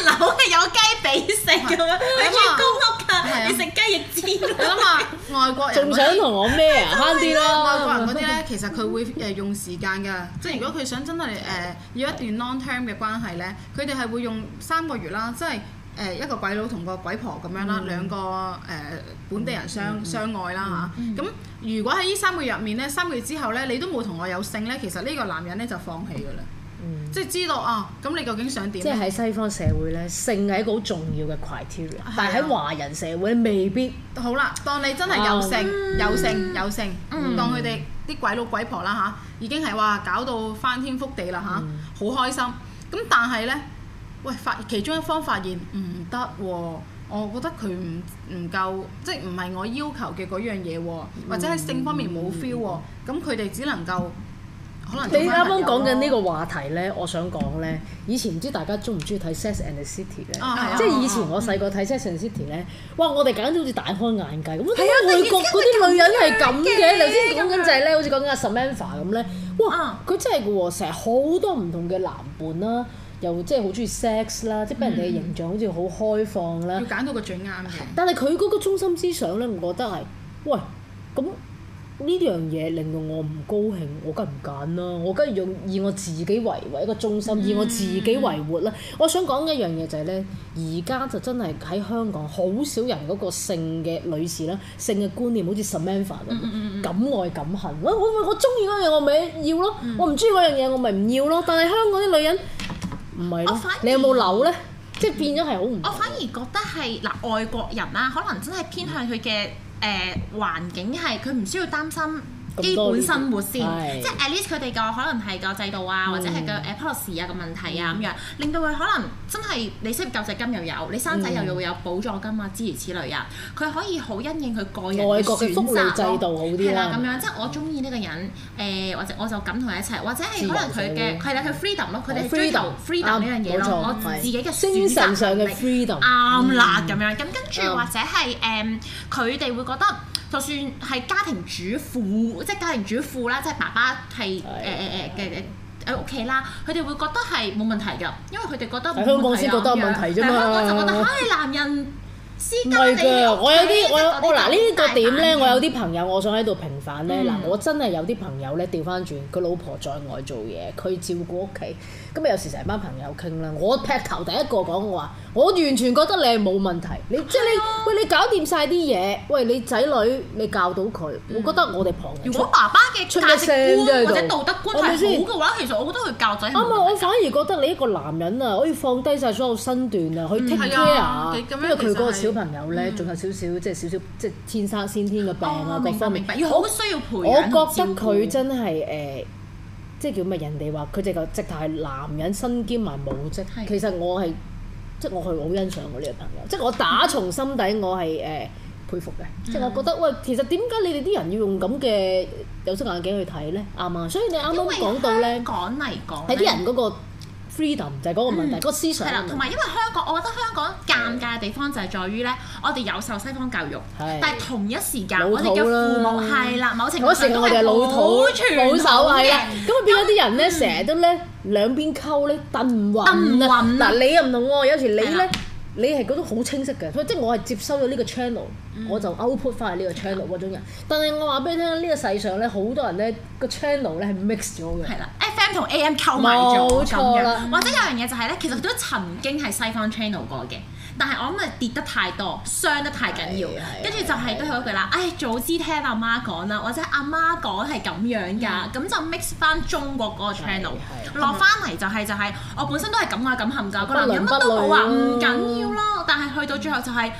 樓係有雞俾食嘅咩？你住公屋㗎，你食雞翼尖。咁嘛，外國人仲想同我咩啊？慳啲啦！外國人嗰啲咧，其實佢會誒用時間㗎，即係如果佢想真係誒要一段 long term 嘅關係咧，佢哋係會用三個月啦，即係誒一個鬼佬同個鬼婆咁樣啦，兩個誒本地人相相愛啦嚇。咁如果喺呢三個月入面咧，三個月之後咧，你都冇同我有性咧，其實呢個男人咧就放棄㗎啦。即係知道啊！咁你究竟想點呢？即係喺西方社會呢，性係一個好重要嘅 criteria，的但係喺華人社會未必。好啦，當你真係有性、啊、有性、有性、嗯，當佢哋啲鬼佬鬼婆啦嚇，已經係哇搞到翻天覆地啦嚇，好、嗯啊、開心。咁但係呢，喂發其中一方發現唔得喎，我覺得佢唔唔夠，即係唔係我要求嘅嗰樣嘢喎，或者喺性方面冇 feel 喎，咁佢哋只能夠。你啱啱講緊呢個話題咧，我想講咧，以前唔知大家中唔中意睇 Sex and the City 咧，呢哦啊、即係以前我細個睇 Sex and the City 咧，哇、嗯！我哋簡直好似大開眼界咁。睇下外國嗰啲女人係咁嘅。頭先講緊就係、是、咧，樣好似講緊阿 Samantha 咁咧，哇！佢、啊、真係嘅喎，成日好多唔同嘅男伴啦，又 ex，即係好中意 sex 啦，即係俾人哋嘅形象好似好開放啦、嗯。要揀到個最啱嘅。但係佢嗰個中心思想咧，我覺得係，喂，咁。呢樣嘢令到我唔高興，我梗係唔揀啦！我梗係用以我自己為為一個中心，嗯、以我自己為活啦！我想講嘅一，就是、一樣嘢就係呢：而家就真係喺香港好少人嗰個性嘅女士啦，性嘅觀念好似 Samantha 咁敢愛敢恨，我我中意嗰樣嘢我咪要咯，我唔中意嗰樣嘢我咪唔要咯、嗯。但係香港啲女人唔係咯，你有冇扭呢？即係變咗係好唔～我反而覺得係嗱、呃，外國人啦、啊，可能真係偏向佢嘅。誒、呃、環境係佢唔需要擔心。基本生活先，即係 at least 佢哋個可能係個制度啊，或者係個誒 policy 啊個問題啊咁樣，令到佢可能真係你識唔識救濟金又有你生仔，又要有補助金啊，諸如此類啊，佢可以好因應佢個人嘅選擇啲，係啦，咁樣即係我中意呢個人誒，我就我就噉同佢一齊，或者係可能佢嘅係啦，佢 freedom 咯，佢哋追求 freedom 呢樣嘢咯，我自己嘅選擇上嘅 freedom 啱啦咁樣。咁跟住或者係誒，佢哋會覺得。就算係家庭主婦，即係家庭主婦啦，即係爸爸係誒誒誒嘅喺屋企啦，佢、呃、哋、呃呃呃呃呃、會覺得係冇問題嘅，因為佢哋覺得喺香港先覺得問題啫嘛，但係香港就覺得嚇你男人。唔係㗎，我有啲我有我嗱呢個點咧，我有啲朋友，我想喺度平反咧嗱，我真係有啲朋友咧調翻轉，佢老婆在外做嘢，佢照顧屋企，咁啊，有時成班朋友傾啦，我劈頭第一個講我話，我完全覺得你係冇問題，你即係你，喂，你搞掂晒啲嘢，喂你仔女你教到佢，我覺得我哋旁人如果爸爸嘅價值觀或者道德觀係好嘅話，其實我覺得佢教仔啱啊！我反而覺得你一個男人啊，可以放低晒所有身段啊，去 take care，因為佢個小朋友咧，仲有少少，即係少少，即係天生先天嘅病啊，各方面好需要培養。我覺得佢真係誒，即係叫咩？人哋話佢哋個直頭係男人身兼埋母職，其實我係即係我係好欣賞我呢個朋友，即係我打從心底我係誒佩服嘅。即係我覺得喂，其實點解你哋啲人要用咁嘅有色眼鏡去睇咧？啱啊！所以你啱啱講到咧，講嚟講喺啲人嗰 freedom 就係嗰個問題，嗯、個思想係啦，同埋因為香港，我覺得香港尷尬嘅地方就係在於咧，我哋有受西方教育，係但係同一時間我哋嘅父母係啦，某程度都係老土保守嘅人，咁啊變咗啲人咧，成日都咧兩邊溝咧，揼唔穩，嗱，你又唔同喎，有時你咧。你係覺得好清晰嘅，所以即係我係接收咗呢個 channel、嗯、我就 output 翻喺呢個 channel 嗰種人。嗯、但係我話俾你聽，呢、呢個世上咧，好多人咧個 channel 咧係 mix 咗嘅。係啦，FM 同 AM 溝埋咗咁樣，嗯、或者有樣嘢就係、是、咧，其實都曾經係西方 channel 過嘅。但係我諗係跌得太多，傷得太緊要，跟住就係都係嗰句啦。唉，早知聽阿媽講啦，或者阿媽講係咁樣㗎，咁就 mix 翻中國嗰個 channel 落翻嚟，就係就係我本身都係咁啊，咁含垢，個男人乜都冇啊，唔緊要咯。但係去到最後就係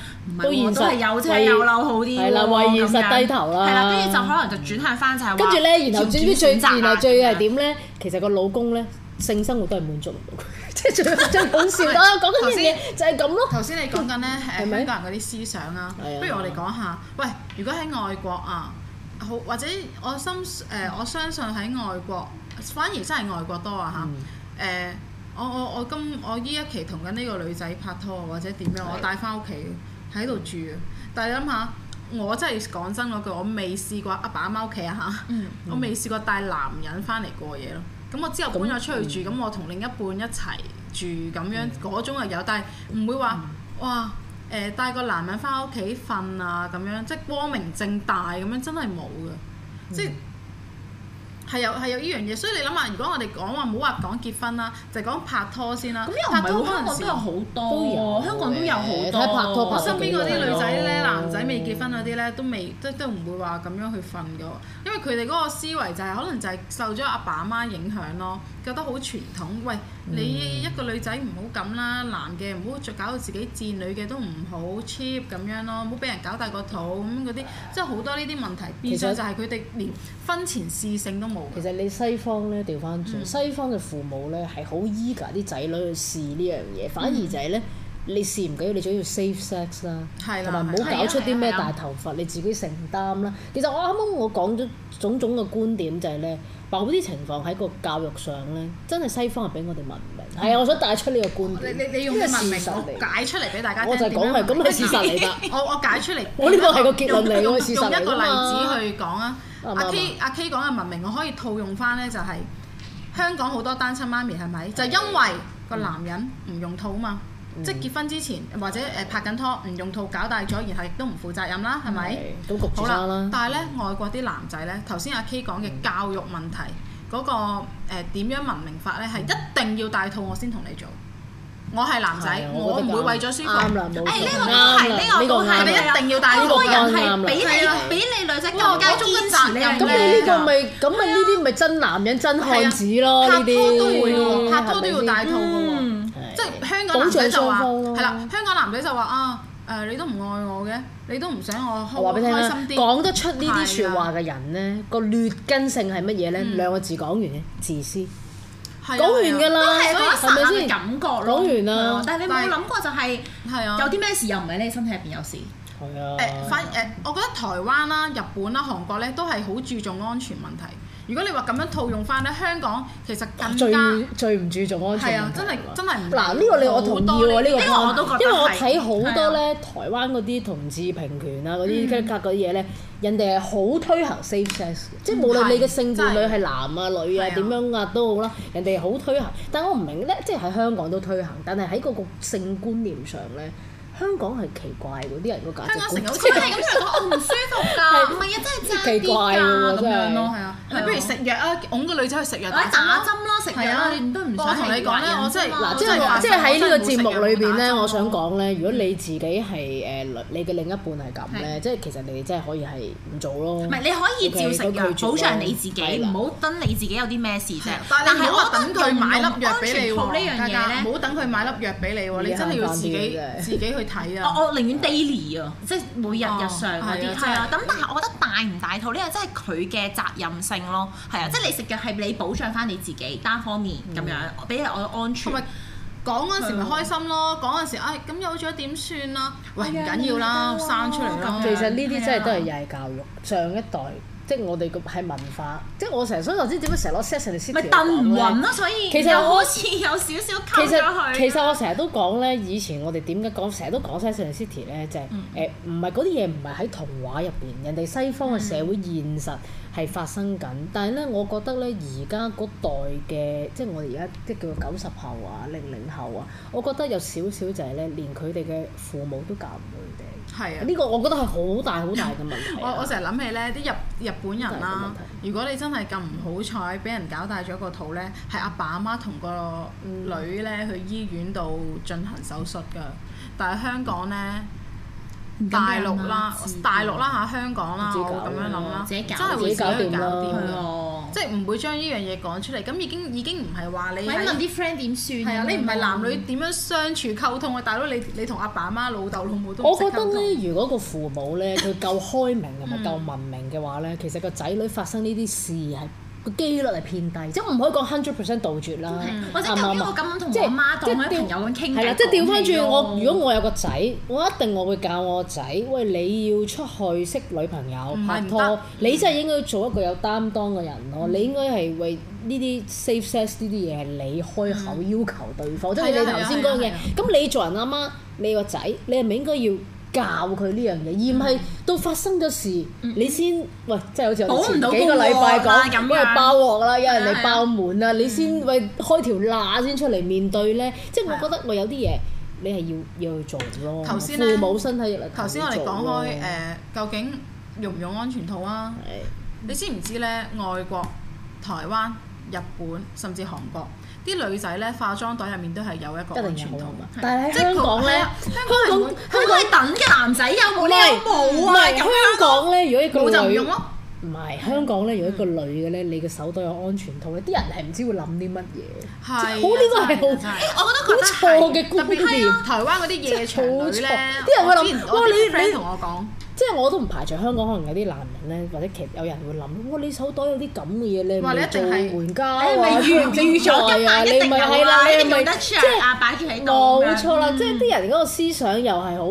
都係有車有樓好啲，係啦，為現實低頭啦，係啦，跟住就可能就轉向翻晒。跟住咧然後最最然後最係點咧？其實個老公咧性生活都係滿足唔到。即係再講笑講講嗰樣就係咁咯。頭先你講緊咧誒香港人嗰啲思想啊， 不如我哋講下。喂，如果喺外國啊，好或者我心誒、呃、我相信喺外國，反而真係外國多啊嚇。誒、嗯呃，我我我今我依一期同緊呢個女仔拍拖或者點樣，我帶翻屋企喺度住。但係你諗下，我真係講真嗰句，我未試過阿爸阿媽屋企啊嚇， 我未試過帶男人翻嚟過夜咯。咁我之後搬咗出去住，咁、嗯、我同另一半一齊住咁樣，嗰種又有，但係唔會話、嗯、哇誒、呃、帶個男人返屋企瞓啊咁樣，即係光明正大咁樣，真係冇嘅，嗯、即係有係有呢樣嘢，所以你諗下，如果我哋講話唔好話講結婚啦，就係、是、講拍拖先啦。咁又唔係嗰陣時，香港都有好多喎，香港都有好多。我身邊嗰啲女仔咧、的男仔未結婚嗰啲咧，都未都都唔會話咁樣去瞓嘅，因為佢哋嗰個思維就係、是、可能就係受咗阿爸阿媽影響咯。覺得好傳統，喂，你一個女仔唔好咁啦，男嘅唔好再搞到自己賤女，女嘅都唔好 cheap 咁樣咯，唔好俾人搞大個肚咁嗰啲，即係好多呢啲問題。變咗就係佢哋連婚前試性都冇。其實你西方咧調翻轉，西方嘅父母咧係好依家啲仔女去試呢樣嘢，反而就係咧，嗯、你試唔緊要，你仲要 safe sex 啦的，同埋唔好搞出啲咩大頭佛，你自己承擔啦。其實我啱啱我講咗種種嘅觀點就係、是、咧。某啲情況喺個教育上咧，真係西方係比我哋文明。係啊、嗯哎，我想帶出呢個觀點，呢個事實嚟。解出嚟俾大家，我就講係咁嘅事實嚟㗎。我我解出嚟， 我呢個係個結論嚟，我用，用，用，用一個例子去講啊。阿、啊、嗎 K 阿 K 講嘅文明，我可以套用翻咧、就是，就係香港好多單親媽咪係咪？嗎就因為個男人唔用套啊嘛。即係結婚之前，或者誒拍緊拖，唔用套搞大咗，然後亦都唔負責任啦，係咪？都焗住生啦。但係咧，外國啲男仔咧，頭先阿 K 講嘅教育問題，嗰個誒點樣文明法咧，係一定要帶套我先同你做。我係男仔，我唔會為咗舒服。啱啦，冇錯。誒呢個啱啦，呢個係一定要帶套。呢個係啱啦。係。俾你俾你女仔更加嗰種責任？咁你呢個咪？咁咪呢啲咪真男人真漢子咯？拍拖都會嘅喎，拍拖都要帶套嘅喎。香港仔就話係啦，香港男仔就話啊，誒，你都唔愛我嘅，你都唔想我開開心啲。講得出呢啲説話嘅人咧，個劣根性係乜嘢咧？兩個字講完，自私。講完㗎啦，係咪先？感覺講完啦，但係你冇諗過就係係啊？有啲咩事又唔係你身體入邊有事？係啊。誒反誒，我覺得台灣啦、日本啦、韓國咧，都係好注重安全問題。如果你話咁樣套用翻咧，香港其實最唔注重安全。真係真係唔嗱呢個你我同意喎，呢個觀點我都覺得因為我睇好多咧，台灣嗰啲同志平權啊，嗰啲格格嗰啲嘢咧，人哋係好推行 safe sex 即係無論你嘅性伴侶係男啊、女啊、點樣啊都好啦，人哋好推行。但係我唔明咧，即係喺香港都推行，但係喺嗰個性觀念上咧，香港係奇怪喎，啲人個價值觀。香港係咁樣唔舒服㗎。係啊，真係奇怪㗎咁樣咯，咪不如食藥啊！擁個女仔去食藥，打針啦，食藥啦，你都唔想同你講咧，我真係嗱，即係即係喺呢個節目裏邊咧，我想講咧，如果你自己係誒，你嘅另一半係咁咧，即係其實你哋真係可以係唔做咯。唔係你可以照食藥，保障你自己，唔好等你自己有啲咩事啫。但係唔好話等佢買粒藥俾你喎，葭葭唔好等佢買粒藥俾你喎，你真係要自己自己去睇啊。我我寧願 daily 啊，即係每日日常嗰啲。係啊，咁但係我覺得帶唔帶套呢？又真係佢嘅責任性。咯，係啊，即係你食嘅係你保障翻你自己單方面咁樣，比人我安全。講嗰陣時咪開心咯，講嗰陣時，哎咁有咗點算啦？喂，唔緊要啦，生出嚟啦。其實呢啲真係都係又係教育上一代，即係我哋個係文化，即係我成日所以頭先點解成日攞《Sex and the City》所以其實好似有少少。其實我成日都講咧，以前我哋點解講成日都講《Sex and the City》咧？就係誒，唔係嗰啲嘢唔係喺童話入邊，人哋西方嘅社會現實。係發生緊，但係咧，我覺得咧，而家嗰代嘅，即係我哋而家即係叫九十後啊、零零後啊，我覺得有少少就係咧，連佢哋嘅父母都教唔到佢哋。係是啊，呢個我覺得係好大好大嘅問題，啊我。我我成日諗起咧，啲日日本人啦、啊，問題如果你真係咁唔好彩，俾人搞大咗個肚咧，係阿爸阿媽同個女咧去醫院度進行手術㗎，但係香港咧。 大陸啦，啦大陸啦嚇、啊，香港啦，咁樣諗啦，真係會自己搞掂啦即係唔會將呢樣嘢講出嚟。咁已經已經唔係話你，你問啲 friend 點算？係啊，你唔係男女點樣相處溝通啊？大佬，你你同阿爸阿媽、老豆老母都，我覺得咧，如果個父母咧佢夠開明同埋 夠文明嘅話咧，其實個仔女發生呢啲事係。個機率係偏低，即係我唔可以講 hundred percent 杜絕啦、嗯嗯，或者頭先咁樣同我媽當佢朋友咁傾，係啦、嗯，即係調翻轉我。如果我有個仔，我一定我會教我個仔。喂，你要出去識女朋友是拍拖，行你真係應該做一個有擔當嘅人咯。嗯、你應該係為呢啲 safe sex 呢啲嘢係你開口要求對方，即係、嗯、你頭先講嘅嘢。咁你做人阿媽，媽，你個仔，你係咪應該要？教佢呢樣嘢，而唔係到發生嘅事，嗯、你先喂，即係好似前幾個禮拜講，因為包鑊啦，有人哋包滿啦，嗯、你先喂開條罅先出嚟面對呢，嗯、即係我覺得我有啲嘢你係要、嗯、要去做咯。頭先啦，父母身體入嚟頭先我哋講開誒、呃，究竟用唔用安全套啊？的你知唔知呢？外國、台灣、日本甚至韓國。啲女仔咧，化妝袋入面都係有一個安全套嘛。但係喺香港咧，香港香港係等嘅男仔有冇呢？冇啊！香港咧，如果一個女冇就用咯。唔係香港咧，如果一個女嘅咧，你嘅手袋有安全套咧，啲人係唔知會諗啲乜嘢。係，好，呢個係好。我覺得佢好錯嘅觀念。台灣嗰啲夜場女啲人會諗哇，你你同我講。即係我都唔排除香港可能有啲男人咧，或者其實有人會諗：哇！你手袋有啲咁嘅嘢，你唔做換膠？你預你預咗一班人，你唔係啦，你唔係即係擺結喺度。冇錯啦，即係啲人嗰個思想又係好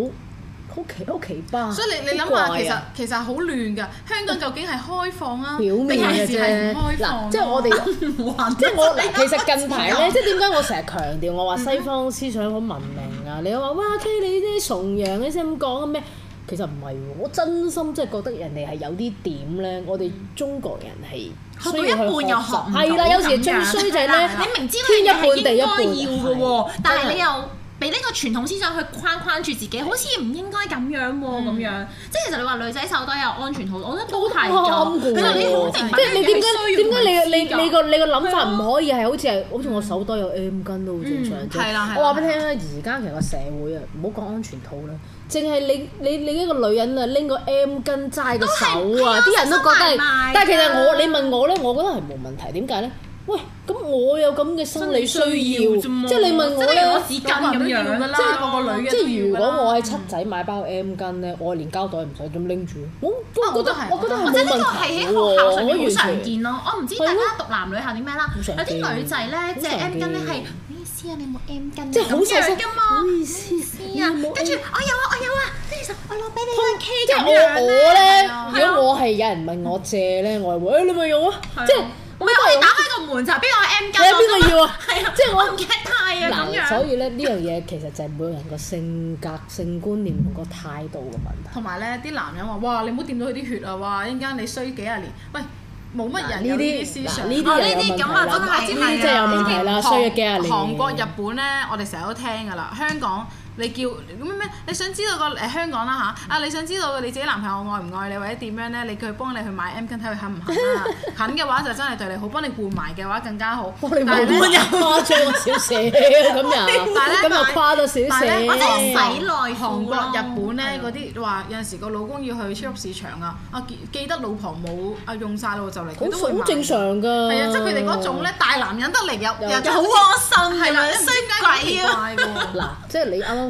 好奇好奇葩。所以你你諗下其實其實好亂㗎。香港究竟係開放啊？表面嘅啫。嗱，即係我哋即係我其實近排咧，即係點解我成日強調我話西方思想好文明啊？你話哇，K 你啲崇洋嗰啲咁講咩？其實唔係，我真心即係覺得人哋係有啲點咧，我哋中國人係去到一半又學唔到。係啦，有時最衰就係咧，你明知天一半地一該要嘅喎，了但係你又。俾呢個傳統思想去框框住自己，好似唔應該咁樣喎，咁樣，即係其實你話女仔手袋有安全套，我覺得都太過，其實你好即係你點解點解你你你個你個諗法唔可以係好似係好似我手袋有 M 巾都好正常啫。我話俾你聽而家其實個社會啊，唔好講安全套啦，淨係你你你呢個女人啊拎個 M 巾齋個手啊，啲人都覺得係，但係其實我你問我咧，我覺得係冇問題，點解咧？喂，咁我有咁嘅生理需要，即係你問我咧有冇紙巾咁樣，即係個女嘅，即係如果我喺七仔買包 M 巾咧，我連膠袋唔使咁拎住。我我覺得我覺得係問題喎。好常見咯，我唔知大家讀男女校啲咩啦。有啲女仔咧借 M 巾咧，係，唔好意思啊，你冇 M 巾。即係好細心。唔好意思啊，跟住我有啊，我有啊，跟住實我攞俾你。OK 咁樣咧。如果我咧，如果我係有人問我借咧，我係會誒你咪用咯，即係。唔係喂我打開個門咋，邊個 M 雞？邊個要？係啊，即係的我唔驚太啊咁樣。嗱，所以咧呢樣嘢其實就係每個人個性格、性觀念同個態度嘅問題。同埋咧，啲男人話：哇，你唔好掂到佢啲血啊！哇，一陣間你衰幾廿年。喂，冇乜人有呢啲思想。呢啲咁啊，真係真係真係真係真係真係真係真係真係真係真係真係真係真係你叫咁咩咩？你想知道個誒香港啦嚇啊！你想知道你自己男朋友愛唔愛你或者點樣咧？你叫佢幫你去買 M 巾，睇佢肯唔肯啦。肯嘅話就真係對你好，幫你換埋嘅話更加好。但係呢，又誇張少少咁又，今日誇到少少。喺韓國日本咧，嗰啲話有陣時個老公要去超級市場啊，啊記記得老婆冇啊用曬咯就嚟。都會好正常㗎。係啊，即係佢哋嗰種咧，大男人得嚟又又好安心，係啦，衰鬼啊。嗱，即係你啱。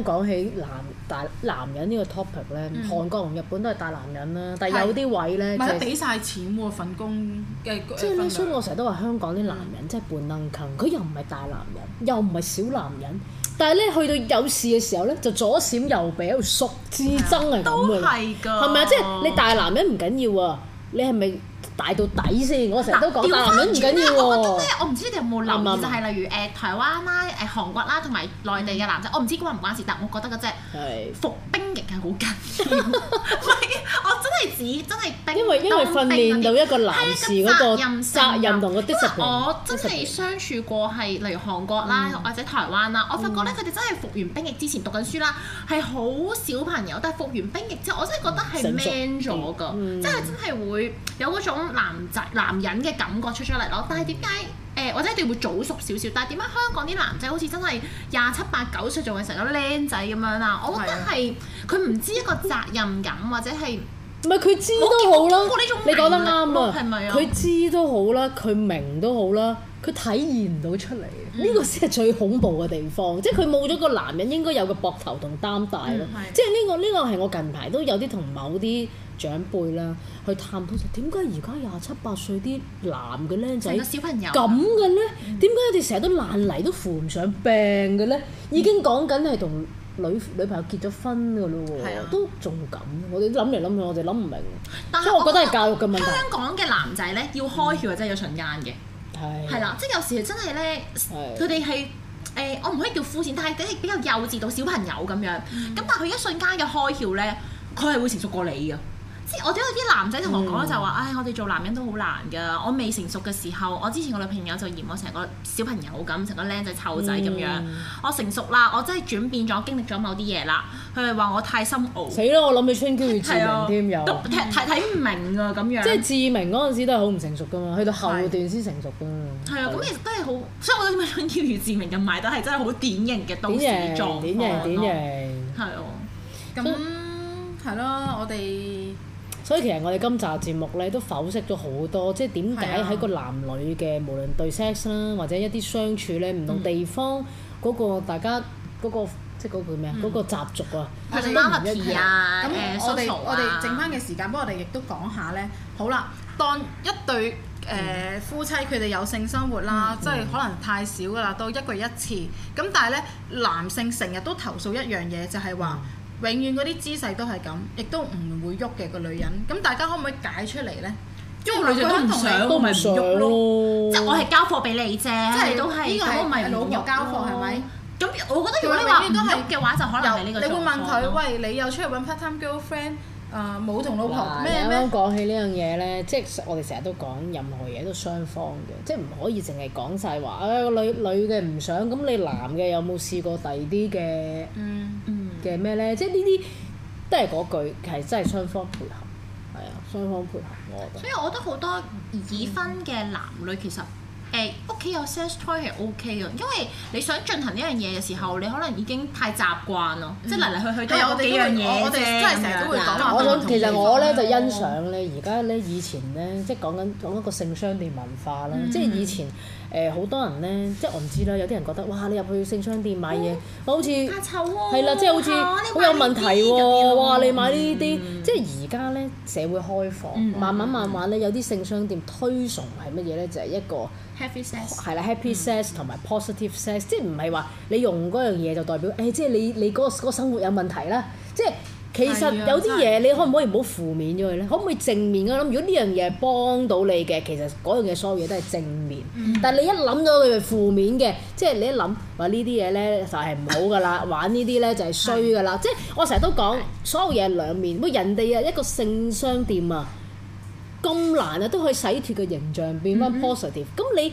講起男大男，topic、嗯、大男人呢個 topic 咧，韓國同日本都係大男人啦，但係有啲位咧，唔係俾曬錢喎份工嘅，即係咧，所以我成日都話香港啲男人即係半能勤，佢又唔係大男人，又唔係小男人，但係咧去到有事嘅時候咧，就左閃右避喺度縮之，自爭係咁嘅，係咪啊？即、就、係、是、你大男人唔緊要啊，你係咪？ 大到底先，我成日都講男人唔緊要、啊、我覺得我唔知你哋有冇留意、嗯、就係例如誒台灣啦、啊、誒韓國啦同埋內地嘅男仔，我唔知有有關唔關事，但我覺得嗰隻服兵役係好緊要。是 我真係指真係，因為因為訓練到一個男士嗰個責任同嗰啲責任。我真係相處過係例如韓國啦、啊嗯、或者台灣啦、啊，我發覺咧佢哋真係服完兵役之前讀緊書啦、啊，係好小朋友，但係服完兵役之後，我真係覺得係 man 咗㗎，嗯嗯、即係真係會有嗰種。男仔男人嘅感覺出出嚟咯，但係點解誒，或者一定會早熟少少？但係點解香港啲男仔好似真係廿七八九歲仲會成個靚仔咁樣是啊？我覺得係佢唔知一個責任感、嗯、或者係唔係佢知都好啦。你講得啱啊，佢知都好啦，佢明都好啦，佢體現唔到出嚟，呢、嗯、個先係最恐怖嘅地方，嗯、即係佢冇咗個男人應該有個膊頭同擔帶咯。嗯、即係呢個呢個係我近排都有啲同某啲長輩啦，去探討就係點解而家廿七八歲啲男嘅就小，小朋友，啊？咁嘅咧？點解佢哋成日都爛泥都扶唔上病嘅咧？已經講緊係同女女朋友結咗婚嘅咯喎，嗯、都仲咁，我哋諗嚟諗去，我哋諗唔明。但係是 我覺得係教育嘅問題。香港嘅男仔咧，要開竅真係有瞬間嘅係、嗯啊、啦，即、就、係、是、有時真係咧，佢哋係誒，我唔可以叫膚淺，但係佢哋比較幼稚到小朋友咁樣。咁、嗯、但係佢一瞬間嘅開竅咧，佢係會成熟過你嘅。即我都有啲男仔同我講就話，唉，我哋做男人都好難㗎。我未成熟嘅時候，我之前個女朋友就嫌我成個小朋友咁，成個靚仔臭仔咁樣。我成熟啦，我真係轉變咗，經歷咗某啲嘢啦。佢哋話我太深奧。死啦！我諗起春嬌與志明添睇唔明㗎咁樣。即係志明嗰陣時都係好唔成熟㗎嘛，去到後段先成熟㗎嘛。係啊，咁其實都係好，所以我都覺得春嬌與志明就埋單係真係好典型嘅都市狀。典型，典型，典型。係啊，咁係咯，我哋。所以其實我哋今集節目咧都剖析咗好多，即係點解喺個男女嘅是、啊、無論對 sex 啦，或者一啲相處咧唔同地方嗰、嗯、個大家嗰、那個即係嗰個咩啊？嗰、嗯、個習俗啊，係唔一樣。咁爽、啊、我哋我哋剩翻嘅時間，幫我哋亦都講下咧。好啦，當一對誒、呃嗯、夫妻佢哋有性生活啦，即係、嗯嗯、可能太少噶啦，到一個月一次。咁但係咧，男性成日都投訴一樣嘢，就係、是、話。就是一說一說一說永遠嗰啲姿勢都係咁，亦都唔會喐嘅個女人。咁大家可唔可以解出嚟咧？因為女人同你都唔喐咯，即係我係交貨俾你啫，即你都係咁，唔係老婆交貨係咪？咁我覺得如果話都喐嘅話，就可能你會問佢：喂，你又出去揾 part time girlfriend？啊，冇同老婆咩咩？啱講起呢樣嘢咧，即係我哋成日都講任何嘢都雙方嘅，即係唔可以淨係講晒話。誒，個女女嘅唔想，咁你男嘅有冇試過第二啲嘅？嗯。嘅咩咧？即係呢啲都係嗰句，其實真係雙方配合，係啊，雙方配合，我覺得。所以，我覺得好多已婚嘅男女、嗯、其實，誒屋企有 sex toy 係 OK 嘅，因為你想進行呢樣嘢嘅時候，嗯、你可能已經太習慣咯，嗯、即係嚟嚟去去都。有幾樣嘢我哋真係成日都會講這樣。我想，其實我咧就欣賞咧，而家咧以前咧，即係講緊講一個性商店文化啦，嗯、即係以前。誒好、呃、多人咧，即係我唔知啦。有啲人覺得，哇！你入去性商店買嘢，好似係啦，呃、即係好似好有問題喎、啊。啊、哇！你買、嗯、呢啲，即係而家咧社會開放，嗯、慢慢慢慢咧，有啲性商店推崇係乜嘢咧？就係、是、一個 happy sex 係啦，happy sex 同埋 positive sex，即係唔係話你用嗰樣嘢就代表誒、哎，即係你你嗰嗰生活有問題啦，即係。其實有啲嘢你可唔可以唔好負面咗佢咧？可唔可以正面咁諗？如果呢樣嘢幫到你嘅，其實嗰樣嘢所有嘢都係正面。但係你一諗咗佢係負面嘅，即係你一諗話呢啲嘢咧就係唔好噶啦， 玩呢啲咧就係衰噶啦。 即係我成日都講所有嘢兩面。喂，人哋啊一個性商店啊咁難啊都可以洗脫個形象變翻 positive，咁你？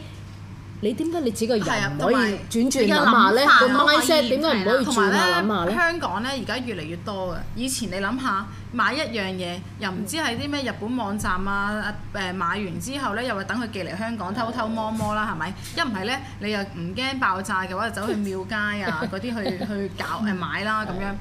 你點解你自己個耳唔可以轉轉諗下咧？個 m i c s 點解唔可以轉轉咧？香港咧而家越嚟越多嘅。以前你諗下買一樣嘢，又唔知係啲咩日本網站啊？誒買完之後咧，又話等佢寄嚟香港偷偷摸摸啦，係咪？一唔係咧，你又唔驚爆炸嘅話，就走去廟街啊嗰啲去去搞去買啦咁樣。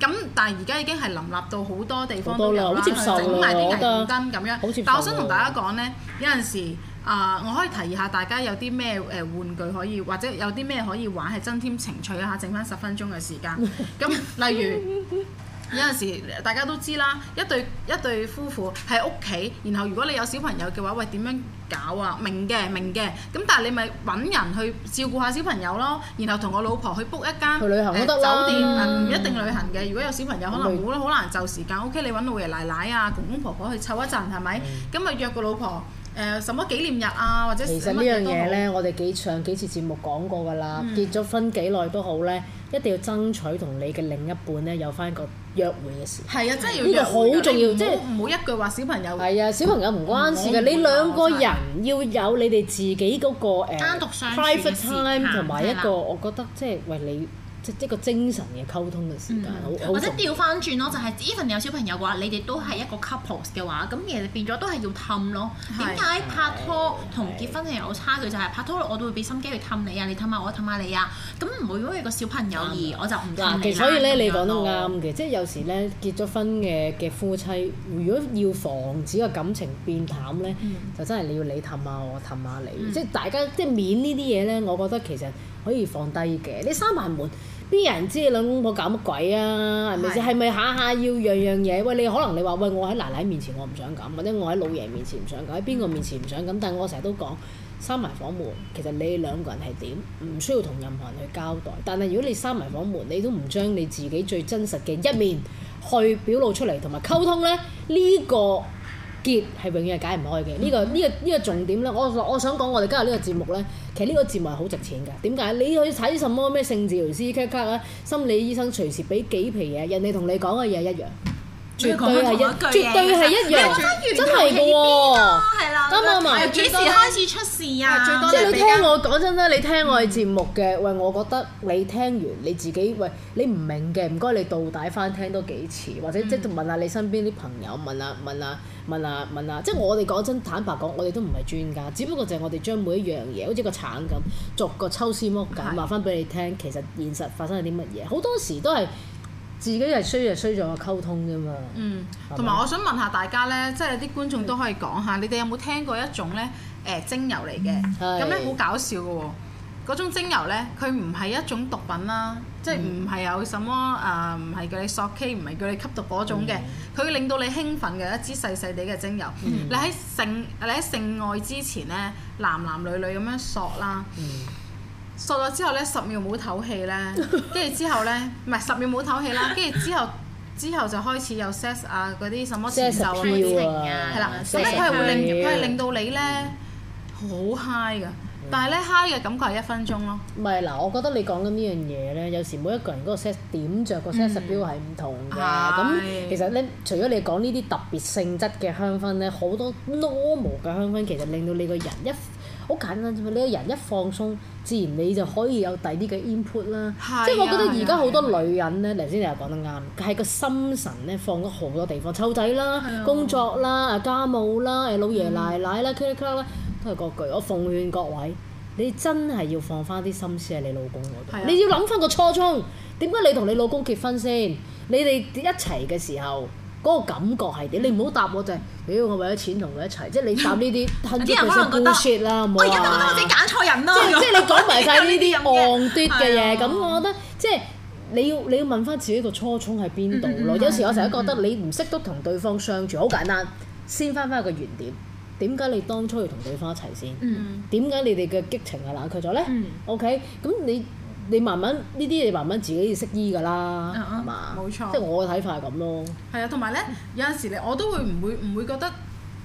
咁但係而家已經係林立到好多地方都有，好接受整埋啲假根咁樣。但我想同大家講咧，有陣時。啊、呃！我可以提議下大家有啲咩誒玩具可以，或者有啲咩可以玩係增添情趣啊！嚇，剩翻十分鐘嘅時間，咁 例如 有陣時大家都知啦，一對一對夫婦喺屋企，然後如果你有小朋友嘅話，喂點樣搞啊？明嘅明嘅，咁但係你咪揾人去照顧下小朋友咯，然後同我老婆去 book 一間去旅行，啊，酒店，唔一定旅行嘅。如果有小朋友，可能冇咯，好難就時間。嗯、OK，你揾老爺奶奶啊、公公婆婆去湊一陣係咪？咁咪、嗯、約個老婆。誒、呃、什麼紀念日啊，或者什麼什麼其實呢樣嘢呢，我哋幾場幾次節目講過噶啦。嗯、結咗婚幾耐都好呢，一定要爭取同你嘅另一半呢有返個約會嘅事。係啊，真係要呢個好重要，即係唔好一句話小朋友。係啊，小朋友唔關事嘅，你兩個人要有你哋自己嗰、那個誒 private time 同埋一個，我覺得即係餵你。你即一個精神嘅溝通嘅時間，嗯、或者調翻轉咯，就係 even 有小朋友嘅話，你哋都係一個 couple 嘅話，咁其實變咗都係要氹咯。點解是拍拖同結婚係有差距？是就係拍拖我都會俾心機去氹你啊，你氹下我，氹下你啊。咁唔會如果係個小朋友而我就唔氹、嗯嗯嗯、所以咧，後你講得啱嘅，即係有時咧結咗婚嘅嘅夫妻，如果要防止個感情變淡咧，嗯、就真係你要你氹下我，氹下你，嗯、即係大家即係面呢啲嘢咧。我覺得其實可以放低嘅，你閂埋門。邊人知你兩公婆搞乜鬼啊？係咪先？係咪下下要樣樣嘢？喂，你可能你話喂，我喺奶奶面前我唔想咁，或者我喺老爺面前唔想咁，喺邊個面前唔想咁？但係我成日都講，閂埋房門，其實你兩個人係點？唔需要同任何人去交代。但係如果你閂埋房門，你都唔將你自己最真實嘅一面去表露出嚟，同埋溝通呢，呢個結係永遠係解唔開嘅。呢個呢個呢個重點呢，我我想講我哋今日呢個節目呢。其實呢個節目係好值錢噶，點解？你去睇什麼咩性治療師咔咔啊？心理醫生隨時俾幾皮嘢，人哋同你講嘅嘢一樣。絕對係一,一絕一樣，絕絕絕真係嘅喎，咁我啱啊？幾時開始出事啊！啊最多即係你聽我講真啦，你聽我哋節目嘅，嗯、喂，我覺得你聽完你自己，喂，你唔明嘅，唔該你倒帶翻聽多幾次，或者即係、嗯、問下你身邊啲朋友，問下、問下、嗯、問下。問啊，即係我哋講真坦白講，我哋都唔係專家，只不過就係我哋將每一樣嘢，好似個橙咁逐個抽絲剝繭，話翻俾你聽，其實現實發生咗啲乜嘢，好多時都係。自己係衰就衰咗個溝通啫嘛。嗯，同埋吧我想問下大家呢，即係啲觀眾都可以講下，你哋有冇聽過一種呢誒精油嚟嘅？咁呢好搞笑嘅喎，嗰種精油呢，佢唔係一種毒品啦，即係唔係有什麼誒，唔係、嗯呃、叫你索 K，唔係叫你吸毒嗰種嘅，佢令到你興奮嘅一支細細哋嘅精油。嗯、你喺性，你喺性愛之前呢，男男女女咁樣索啦。嗯熟咗之後咧，十秒冇唞氣咧，跟住之後咧，唔係十秒冇唞氣啦，跟住之後之後就開始有 sex 啊嗰啲什麼前奏 啊，係啦，咁咧佢係會令佢係令到你咧好 high 噶，但係咧 high 嘅感覺係一分鐘咯。唔係嗱，我覺得你講緊呢樣嘢咧，有時每一個人嗰個 sex 點著個 sex appeal 係唔同嘅，咁、嗯哎、其實咧除咗你講呢啲特別性質嘅香薰咧，好多 normal 嘅香薰其實令到你個人一好簡單啫嘛！你個人一放鬆，自然你就可以有第啲嘅 input 啦。啊、即係我覺得而家好多女人呢，頭先、啊、你又講得啱，係個心神呢，放咗好多地方，湊仔啦、啊、工作啦、啊家務啦、誒老爺奶奶啦，call 啦 call 啦，都係嗰句。我奉勸各位，你真係要放翻啲心思喺你老公嗰度。啊、你要諗翻個初衷，點解你同你老公結婚先？你哋一齊嘅時候。嗰個感覺係點？你唔好答我就係，屌！我為咗錢同佢一齊，即係你答呢啲，肯定係顧説啦。我而家就覺得我自己揀錯人咯。即係即係你講埋晒呢啲戇突嘅嘢，咁我覺得即係你要你要問翻自己個初衷喺邊度咯？有時我成日覺得你唔識得同對方相處，好簡單，先翻翻個原點。點解你當初要同對方一齊先？點解你哋嘅激情係冷卻咗咧？OK，咁你。你慢慢呢啲，你慢慢自己要識醫噶啦，係嘛？冇錯，即係我嘅睇法係咁咯。係啊，同埋咧，有陣時你我都會唔會唔會覺得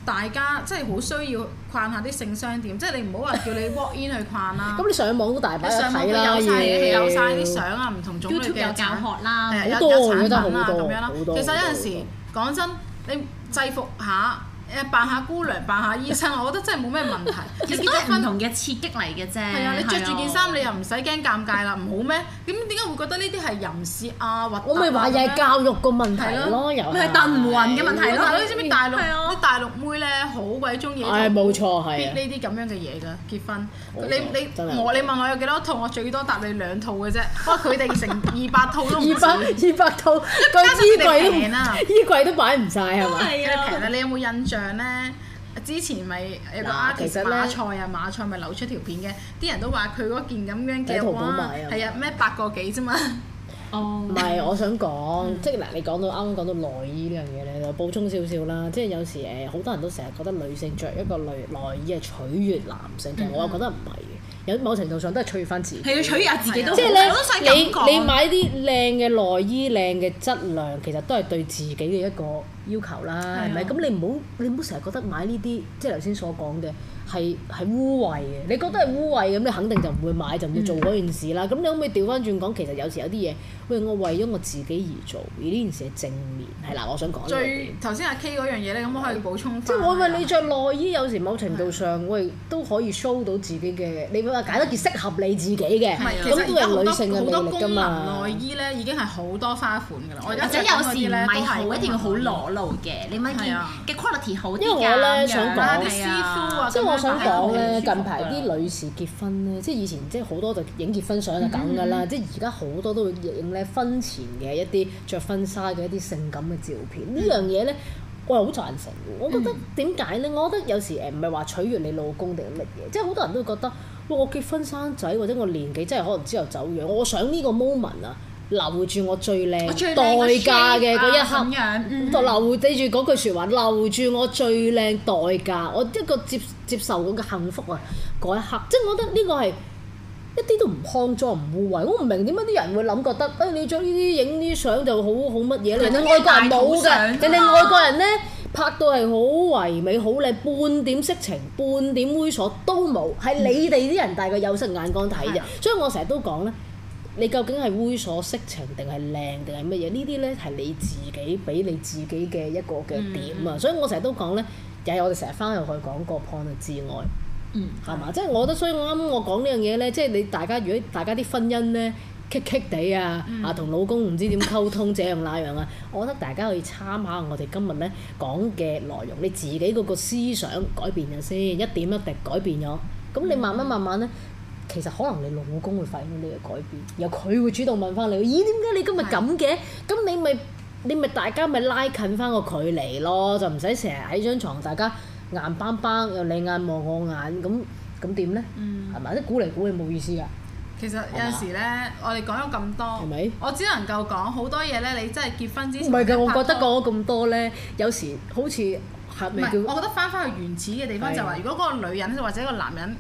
大家即係好需要逛下啲性商店，即係你唔好話叫你 walk in 去逛啦。咁你上網好大把可以睇啦，係啊。有晒啲相啊，唔同種類嘅。YouTube 有教學啦，有有產品啊，咁樣啦。其實有陣時講真，你制服下。誒扮下姑娘，扮下醫生，我覺得真係冇咩問題。其實都係唔同嘅刺激嚟嘅啫。係啊，你著住件衫，你又唔使驚尷尬啦，唔好咩？咁點解會覺得呢啲係淫事啊？或我咪話係教育個問題咯，又係搭唔穩嘅問題咯。你知唔知大陸啲大陸妹咧，好鬼鍾意呢啲咁樣嘅嘢㗎？結婚，你你我你問我有幾多套，我最多答你兩套嘅啫。不過佢哋成二百套都唔止。二百二百套，個衣櫃都衣櫃都擺唔晒係嘛？平啦，你有冇印象？咧，之前咪有個阿迪馬賽啊，馬賽咪扭出條片嘅，啲人都話佢嗰件咁樣嘅，哇，係啊對，咩八個幾啫嘛，唔係 我想講，即係嗱，你講到啱啱講到內衣呢樣嘢咧，就補充少少啦，即係有時誒，好多人都成日覺得女性着一個內內衣係取悅男性嘅，嗯嗯，我又覺得唔係嘅。有某程度上都係取悅翻自己，係要取悅下自己都，即係你你，你買啲靚嘅內衣，靚嘅質量其實都係對自己嘅一個要求啦，係咪的？咁你唔好，你唔好成日覺得買呢啲，即係頭先所講嘅。係係污衊嘅，你覺得係污衊咁，你肯定就唔會買，就唔會做嗰件事啦。咁你可唔可以調翻轉講？其實有時有啲嘢，喂，我為咗我自己而做，而呢件事係正面，係嗱，我想講最頭先阿 K 嗰樣嘢咧，咁我可以補充翻。即係我問你着內衣有時某程度上，我亦都可以 show 到自己嘅，你會話揀一件適合你自己嘅，咁都係女性嘅魅力㗎嘛。內衣咧已經係好多花款㗎啦，或者有時唔係一定要好裸露嘅，你咪見嘅 quality 好啲㗎。因為我咧想講啊，我想講咧，近排啲女士結婚咧，即係以前即係好多就影結婚相就梗噶啦，即係而家好多都會影咧婚前嘅一啲着婚紗嘅一啲性感嘅照片。呢、嗯、樣嘢咧我係好贊成，我覺得點解咧？我覺得有時誒唔係話取悅你老公定係乜嘢，即係好多人都會覺得，喂，我結婚生仔，或者我年紀真係可能之後走樣，我想呢個 moment 啊～留住我最靚代價嘅嗰一刻，就、嗯、留記住嗰句説話，留住我最靚代價，我一個接接受咁嘅幸福啊！嗰一刻，即係我覺得呢個係一啲都唔骯髒唔污穢，我唔明點解啲人會諗覺得，哎，你將呢啲影啲相就好好乜嘢咧？人哋外國人冇嘅，人哋外國人咧拍到係好唯美好靚，半點色情半點猥瑣都冇，係你哋啲人帶個有色眼光睇嘅，嗯、所以我成日都講咧。你究竟係猥瑣色情定係靚定係乜嘢？呢啲呢係你自己俾你自己嘅一個嘅點啊！所以我成日都講呢，又係我哋成日翻入去講個 point 之外，嗯，係嘛？即係我覺得，所以我啱啱我講呢樣嘢呢，即係你大家如果大家啲婚姻呢，棘棘地啊，啊同老公唔知點溝通這樣那樣啊，我覺得大家可以參考我哋今日呢講嘅內容，你自己嗰個思想改變咗先，一點一滴改變咗，咁你慢慢慢慢呢。其實可能你老公會反映你嘅改變，由佢會主動問翻你：咦，點解你今日咁嘅？咁你咪你咪大家咪拉近翻個距離咯，就唔使成日喺張床大家硬邦邦又你眼望我眼，咁咁點呢？嗯，係咪？即估嚟估去冇意思㗎。其實有陣時呢，我哋講咗咁多，係咪？我只能夠講好多嘢呢。你真係結婚之前唔係㗎，我覺得講咗咁多呢，有時好似唔係。我覺得翻返去原始嘅地方就話，如果嗰個女人或者個男人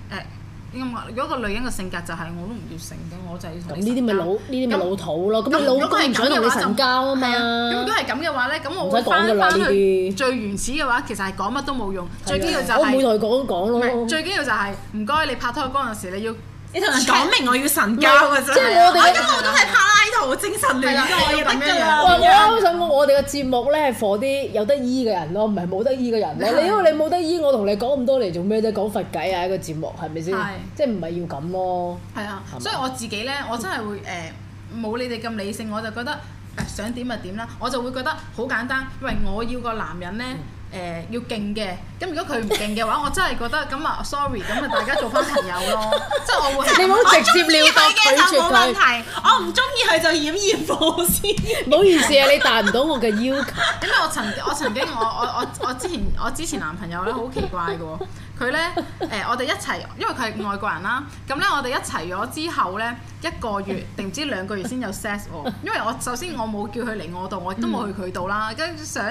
如果個女人個性格就係我都唔要成嘅，我就係同咁呢啲咪老呢啲咪老土咯。咁咪那老如、啊，如果係咁嘅話就係啊。咁如果係咁嘅話咧，咁我會翻翻去些最原始嘅話，其實係講乜都冇用。的最緊要就係、是、我每代講都講咯。最緊要就係唔該，你拍拖嗰陣時你要。你同人講明我要神交嘅啫，就是、我、啊、因為我都係柏拉圖精神亂嘅，我要等乜嘢？我我哋嘅節目咧係 for 啲有得醫嘅人咯，唔係冇得醫嘅人。人的你因為你冇得醫，我同你講咁多嚟做咩啫？講佛偈啊，一個節目係咪先？的即係唔係要咁咯？係啊，所以我自己咧，我真係會誒冇、呃、你哋咁理性，我就覺得誒想點就點啦。我就會覺得好簡單，因為我要個男人咧。嗯誒要勁嘅，咁如果佢唔勁嘅話，我真係覺得咁啊，sorry，咁啊大家做翻朋友咯，即係我會係我中意你嘅，但問題我唔中意佢就掩耳過先。唔好意思啊，你達唔到我嘅要求。因為我曾我曾經我我我我之前我之前男朋友咧好奇怪嘅喎，佢咧，誒我哋一齊，因為佢係外國人啦，咁咧我哋一齊咗之後咧，一個月定唔知兩個月先有 sex 我，因為我首先我冇叫佢嚟我度，我都冇去佢度啦，跟住、嗯、想。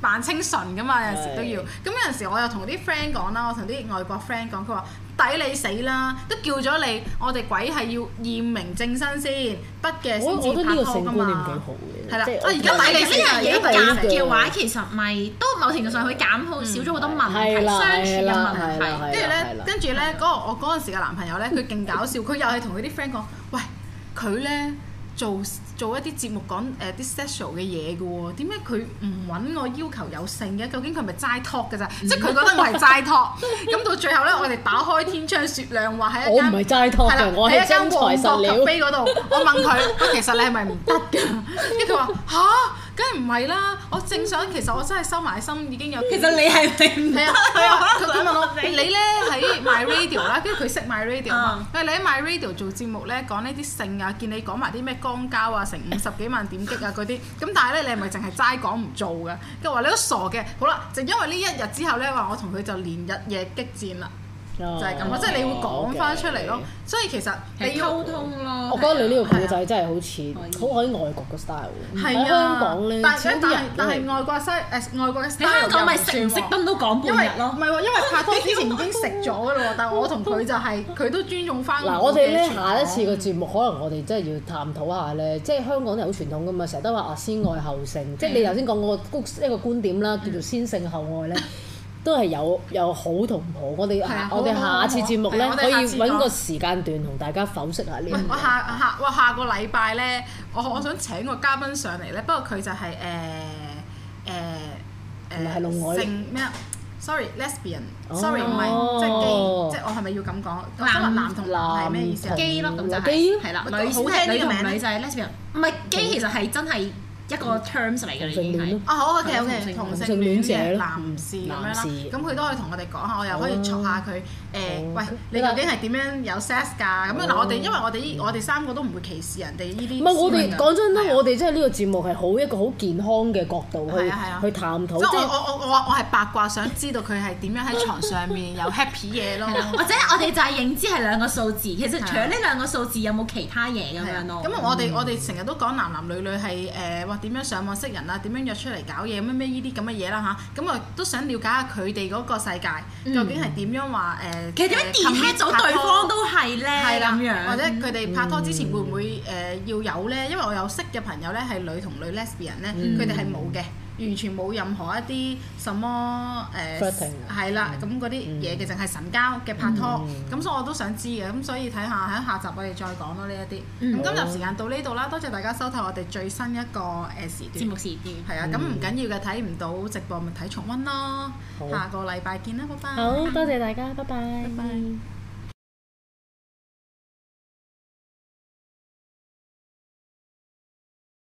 扮清純噶嘛，有陣時都要。咁有陣時我又同啲 friend 講啦，我同啲外國 friend 講，佢話抵你死啦，都叫咗你，我哋鬼係要驗明正身先，不嘅先至拍拖㗎嘛。我覺得幾好嘅。係啦，我而家抵你呢樣嘢夾嘅話，其實咪都某程度上佢減好少咗好多問題，係雙重嘅問題係。跟住咧，跟住咧嗰我嗰陣時嘅男朋友咧，佢勁搞笑，佢又係同佢啲 friend 講，喂，佢咧。做做一啲節目講誒啲、呃、special 嘅嘢嘅喎，點解佢唔揾我要求有性嘅？究竟佢係咪齋托嘅咋？嗯、即係佢覺得我係齋托。咁 到最後呢，我哋打開天窗説亮話喺一間，我唔係齋拖嘅，我喺一間皇室咖啡嗰度。我問佢：喂， 其實你係咪唔得㗎？跟住佢話吓？ 」梗係唔係啦！我正想其實我真係收埋心已經有，其實你係咪唔聽啊？佢想 問我， 你咧喺 My Radio 啦，跟住佢識 My Radio 嘛？誒，你喺 My Radio 做節目咧，講呢啲性啊，見你講埋啲咩光膠啊，成五十幾萬點擊啊嗰啲，咁但係咧你係咪淨係齋講唔做㗎？佢話你都傻嘅，好啦，就因為呢一日之後咧話我同佢就連日夜激戰啦。就係咁，即係你會講翻出嚟咯，所以其實你溝通咯。我覺得你呢個故仔真係好似好喺外國嘅 style。香港咧，但但係外國外國嘅 style 又唔算。咪成日熄燈都講半日咯。唔係因為拍拖之前已經食咗嘅嘞喎，但係我同佢就係佢都尊重翻。嗱，我哋咧下一次嘅節目，可能我哋真係要探討下咧，即係香港係好傳統噶嘛，成日都話先愛後性，即係你頭先講個一個觀點啦，叫做先性後愛咧。都係有有好同唔好，我哋我哋下次節目咧可以揾個時間段同大家剖析下呢。我下下哇下個禮拜咧，我我想請個嘉賓上嚟咧，不過佢就係誒誒誒性咩啊？Sorry，lesbian，sorry 唔係即係基，即我係咪要咁講？男男同男係咩意思啊？基咯咁就係。係啦，女先聽呢個名咧。女同女就係 lesbian，唔係基，其實係真係。一個 terms 嚟嘅你嘢係，哦，好 OK OK 同性戀嘅男士咁樣啦，咁佢都可以同我哋講下，我又可以戳下佢誒，喂你究竟係點樣有 sex 㗎？咁嗱我哋因為我哋依我哋三個都唔會歧視人哋依啲，唔係我哋講真啦，我哋即係呢個節目係好一個好健康嘅角度去去探討，即係我我我我我係八卦，想知道佢係點樣喺牀上面有 happy 嘢咯，或者我哋就係認知係兩個數字，其實除咗呢兩個數字有冇其他嘢咁樣咯？咁我哋我哋成日都講男男女女係誒。點樣上網識人啊？點樣約出嚟搞嘢？咩咩呢啲咁嘅嘢啦嚇！咁啊都想了解下佢哋嗰個世界、嗯、究竟係點樣話誒？呃、其實點樣認識到對方都係咧，樣或者佢哋拍拖之前會唔會誒、嗯呃、要有咧？因為我有識嘅朋友咧係女同女 lesbian 咧、嗯，佢哋係冇嘅。完全冇任何一啲什麼，誒係啦，咁嗰啲嘢嘅，淨係、嗯、神交嘅拍拖，咁所以我都想知嘅，咁所以睇下喺下集我哋再講咯呢一啲。咁、嗯、今日時間到呢度啦，多謝大家收睇我哋最新一個誒時段節目時段。係啊，咁唔緊要嘅，睇唔到直播咪睇重溫咯。好下個禮拜見啦，拜拜。好，多謝大家，拜拜。拜拜。